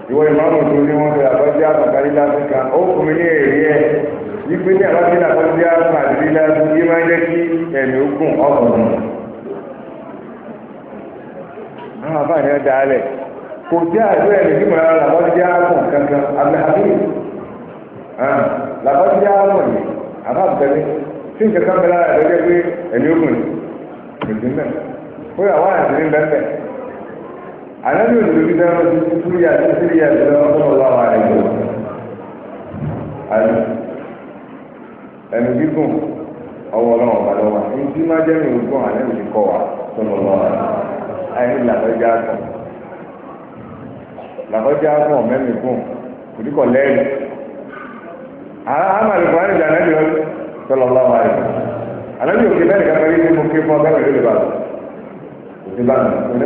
ìwọ ìmáàmù tó ní wọn fẹ́ làkọ́jà mọ̀kànlélá lọ́kọ̀ kan ó fún mi ní èrè ẹ̀ wípé ní àbájáde làkọ́jà mọ̀kànlélá lọ́kọ̀ yìí máa ń jẹ́ kí ẹ̀mí ó gùn ọ̀gbọ̀n àwọn a ọjà alẹ̀ kò jẹ́ àdúrà ẹni tí mo rà làbọ́díjá ààbùn kankan abdulhabi làbọ́díjá ààbùn yìí àbá bẹ̀rẹ̀ tí nǹkan kan bẹ̀rẹ̀ àdúrà jẹ́ pé ẹ̀mí ogun ni kò sí ó yà wọ́n àti ní bẹ́ẹ̀ ànábì òdòdó bí dáná ti ti túrí àti sírí àti dáná tó ẹnu gígùn ọwọ́ wa tí má jẹ́ mi ti kọ́ wa anyị làkọjá kọ làkọjá kọ mẹ́mi kùn kùdíkọ̀ lẹ́yìn àmàlẹ̀ kọ́ ẹ̀yìn lànà ẹ̀yìn sọlọ bá wà yìí ànábì òkè bẹ́ẹ̀ oke pẹ̀lú ìdí mo ké fún ọgbẹ́ ìlú ìbàdàn òsì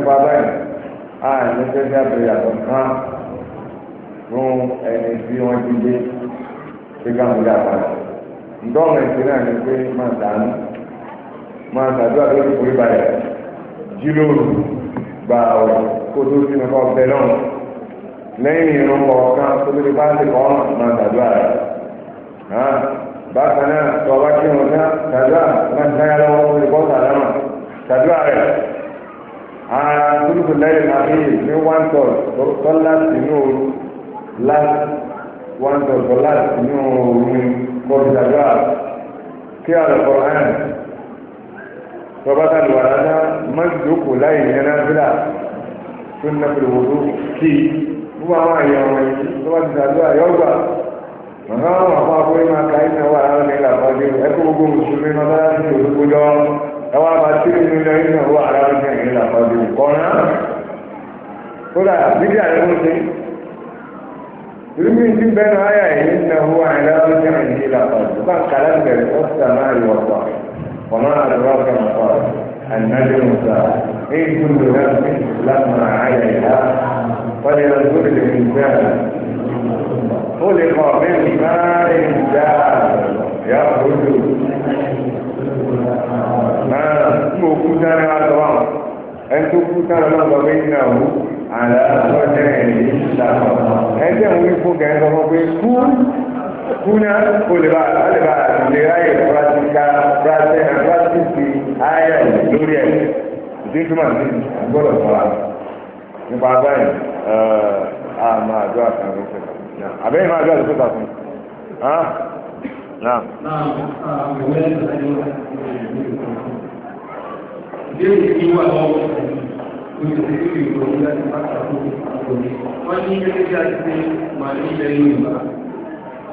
anyị. mi ẹni bi ti gbé náà pé máa dànù máa lórí jíròrò gba ọ̀rọ̀ kó tó sí ní ọbẹ̀ náà lẹ́yìn irun kọ̀ọ̀kan tó lè bá lè kọ́ ọ̀ràn máa gbàdúrà rẹ̀ bákan náà tó ọba kí wọn ká gbàdúrà náà dáyà lọ́wọ́ tó lè bọ́ sàdámà gbàdúrà rẹ̀ ara tóbi lẹ́yìn àbí ní one dollar tó láti ní ooru láti one dollar tó láti ní ooru ní kọ́ọ̀dù gbàdúrà kí àlọ́ kọ́ọ̀rọ̀ náà tọba ta lùwà rárá mọ́jòkó láì yẹn náà fílà tó ń nàfẹ́ lòwòdó kí gbogbo àwọn àyè ọmọ yìí tọba ti sàdúrà yọ gbà màmá àwọn àpá àpòyí máa ka iná wà rárá ní ìlà àpájọ ẹkọ gbogbo mùsùlùmí máa bá láti ṣòro gbójọ ẹwà bá tìrì nínú iná wà rárá ní ìlà àpájọ kọ́nà kódà bíbí àyẹ̀wò يريد بين آية إنه على رجعه إلى قلبه من كلام السماء والطاعة وما أدراك ما قال النجم الساعة إن كل نفس لما عليها فلينظر الإنسان خلق من ماء دافق يخرج òkúta ní àtọwà ẹni tó kúta lọ́gbà pé ní àwọn àlàáfọ́jẹ́ ẹ̀yìn ìṣàkọ̀ ẹgbẹ́ òun ipò kẹ́ńtọ́ pé kú kúnà olèbá olèbá ìlera yẹ pratika pratika pratiki ayé lórí ẹ ìdíjúmọ̀ ní gbọ́dọ̀ sọ̀rọ̀ nípa báyìí a máa dọ́ àkàn ló fẹ́ kà àbẹ́yìn máa dọ́ àkàn ló fẹ́ kà fún náà. ìbéèrè yìí wà lọ́wọ́ olùdíje ìròyìn láti pàtàkì wọ́n ní gẹ́gẹ́ bí a ti ṣe màá ní ilẹ̀ yorùbá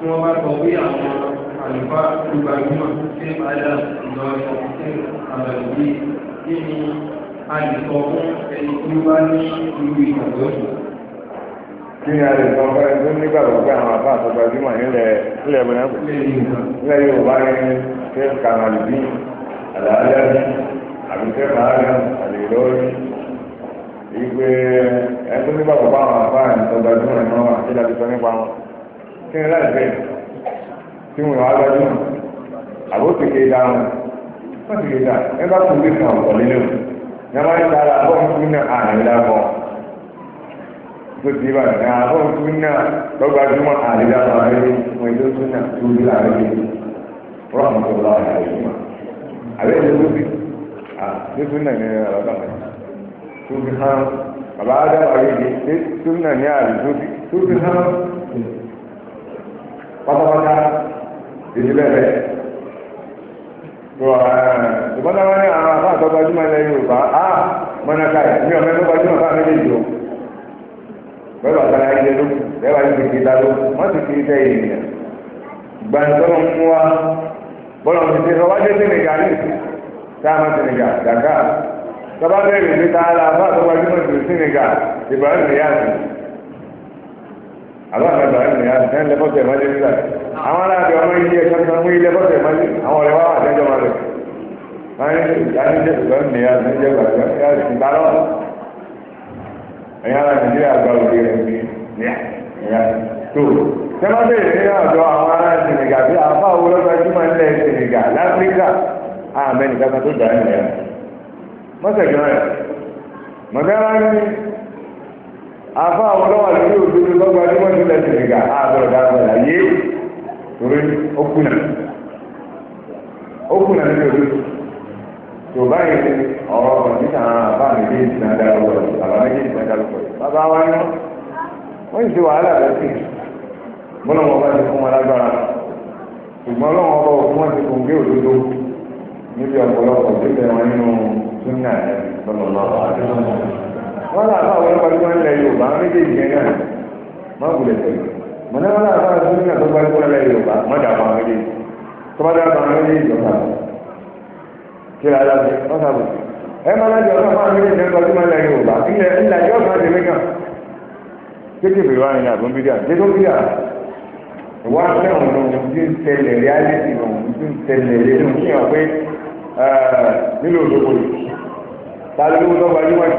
tí wọ́n bá sọ pé àwọn àlùfáà tó gbajúmọ̀ ṣé adam ìlọrin ṣe àbẹ̀wò kí ni a lè sọ fún ẹni tí ó bá ní irú ìgbàgbọ́ yìí. kí ni a lè sọ fún ẹni tó nígbàgbọ́ pé àwọn àbá àtọ́ gbajúmọ̀ nílẹ̀ nílẹ̀ ẹ̀bùnẹ́bù nílẹ̀ yorùbá ní ṣé kàmàlùbí àlàáfíà ní àbíkẹ́ màálà àlèlórí ìgbé ẹni tó nígbàgbọ́ pé àwọn àbá àtọ́ gbajúmọ̀ ní wọn àti ìlàjì sọ nípa wọn kí n láì bẹ́ẹ̀ tí mo wà lọ́jọ́ náà àbó ti kéé dáa wọn wọ́n ti kéé dáa ẹ bá kú bí kan ọ̀pọ̀ nínú yàrá ń tara àbọ̀ nkú náà àárín lábọ̀ tó ti bá ní àbọ̀ nkú náà lọ́gbà jùmọ̀ àárín lábọ̀ àárín wọn èdè tó náà tó rí láàrin yìí rọ́ọ̀mù tó lọ́wọ́ àárín yìí wọn àbẹ́ èdè bí àti tó ní ọ̀dọ́ mi hàn bàbá adáwà yìí tó ní àárín tó bí hàn pátápátá ìdílé rẹ̀ ṣùgbọ́n táwọn ní àwọn àbá àtọ́ gbajúmọ̀ ilẹ̀ Yorùbá á mọ́nàká mi ò mẹ́tọ́ gbajúmọ̀ bá mi lè jọ pẹ̀lú àgbàlá ilé ló lẹ́wà ní kìkì ìta ló wọ́n ti kì í tẹ èèyàn gbàǹtọ́nù mú wa bọ́lọ̀ ti ṣe wájú Senegal ní ìsìn táwọn Senegal Dakar tọ́ba bẹ́ẹ̀ lè fi ta ara àbá àtọ́ gbajúmọ̀ ìlú Senegal Ibrahim àbáwọn àgbà ẹ̀mí ya ẹ̀ lẹ́fọ́sẹ̀ mọ́lé nígbà àwọn aláàbẹ̀ ọmọ ilé ẹ̀ṣọ́ kan mú ilé ẹ̀fọ́sẹ̀ mọ́lé àwọn ọ̀rẹ́ wa wà lẹ́jọ́ máa lẹ̀ wọ́n ní ìdánilẹ́ ìgbọ́nmi ya lẹ́jọ́ gbàgbọ́ ya ìgbà lọ. ẹ̀yin ará nàìjíríà gba òde rẹ̀ ní ẹ̀yà tó tẹ́lọ́bẹ̀ ní ọ̀dọ̀ àwọn ará sìnìgà bí àbá owó lọ́gbàjúmọ̀ ilẹ̀ sìnìgà láfíríkà àmẹ́nìkan tó dà afa àwọn ọlọ́wà lórí òdodo lọ́gbà tí wọ́n ti lẹ̀ tìlẹ̀ gà àbọ̀rọ̀ dáadáa láyé torí ó kùnà ó kùnà lórí òdodo tó báyìí ọ̀rọ̀ kọ̀ǹtítà àbá méjèèjì náà dárúkọ yìí bàbá méjèèjì náà dárúkọ yìí bàbá wa ni wọ́n ti wàhálà lọ́sìn bọ́lá wọn bá ti fún wọn lágbára ṣùgbọ́n ọlọ́wọ́n bá òkú wọn ti fún gé òdodo níbi ọ̀pọ̀lọpọ̀ tó tẹ̀ wọn nínú súnà ẹ̀ lọ́lọ́lọ́ wọ́n là bá àwọn gbajúmọ̀ ńlẹ̀ Yorùbá méjèèjì yẹn náà má wulẹ̀ pẹ̀lú mọ̀nà wọn là bá àwọn gómìnà tó gbajúmọ̀ ńlẹ̀ Yorùbá má dà bá àwọn méjèèjì tó bá dà bá àwọn méjèèjì ọ̀tà kí ló dá sí ọ̀tà bò ẹ má lájọ ọ̀tà fún àwọn méjèèjì gbajúmọ̀ ńlẹ̀ Yorùbá ilẹ̀ ilẹ̀ yóò má dé méjì kékeré wa ni àbọ̀ nbídíà dédó bídíà wá sẹ́wọ̀n ló ń ti ń tẹ̀lé reality ló ń ti ń tẹ̀lé nínú kí wọ́n pé nílò olóko yìí ta ló ń lọ́wọ́ ayé wáyé.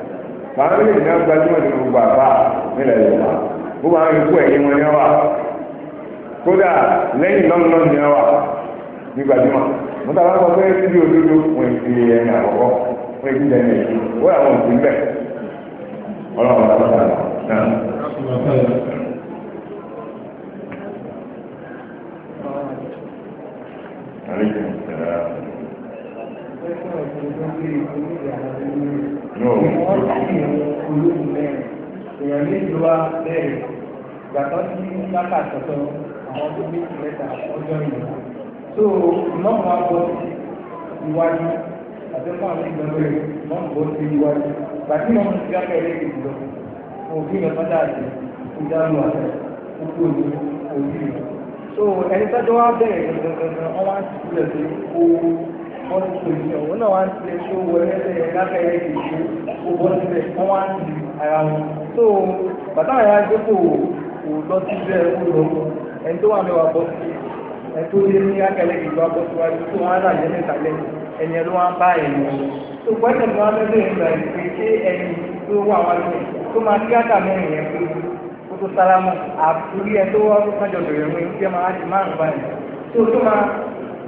àwọn ilé ìná gbajúmọ̀ ní gbogbo àbá nílẹ̀ Yorùbá gbogbo àwọn ikú ẹ̀yìn wọn ni wà kódà lẹ́yìn lọ́nlọ́n ni wà ní gbajúmọ̀ mo tàbá sọ pé síbi òdodo wọn ti ẹni àkọ́kọ́ wọn ti dẹni èyí wọ́n àwọn ọlọ́run Thank you. èèyàn méjì wá bẹ́ẹ̀ gbàtọ́ sí lápá àtọ̀tọ̀ àwọn tó ní ìrẹta ọjọ́ ìlú tó mọ́mù wá bọ́ sí iwájú àtẹ́kọ́ àwọn ìgbàlú rẹ̀ mọ́mù bọ́ sí iwájú gbàtí mọ́mù sí lápá ẹ̀rẹ́ kejì lọ òbí rẹ̀ fọ́dà àti tó ẹni bọ́ sílẹ̀ ìṣẹ̀ òun náà wá ń tilẹ̀ ṣó wọ ẹlẹ́sẹ̀ lákẹ́rẹ́ ìṣó ó bọ́ sílẹ̀ wọ́n wá ń ti ara wọn. tó bàtà àyà ń dépò kò lọ síbẹ̀ ó lọ ẹni tó wà mẹ́wàá bọ́ sí ẹni tó lé ní lákẹ́rẹ́ ìṣó abọ́ síwájú tó wá ń ràjẹ́ mẹ́ta lẹ́yìn ẹni ẹ ló wá ń bá ẹ̀yìn lọ. tó pẹ́ẹ́tẹ̀ ló wá mẹ́lẹ̀ ìgbà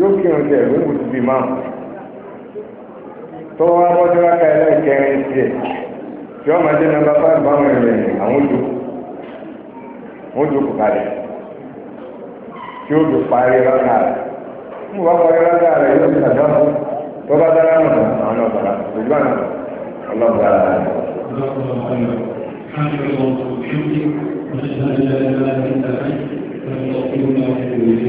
yóò kí irun tiẹ̀ ló ń wùtú bíi máa tó wá wọ́jú láka ẹlẹ́kẹrin tiẹ̀ tí wọ́n máa jẹ́ nọ́mbà fáìlì báwọn ìrìn àwọn ojú tí parí ń parí yóò fi fún tó bá dára nù àwọn ojú àná ọlọ́gbà Thank you.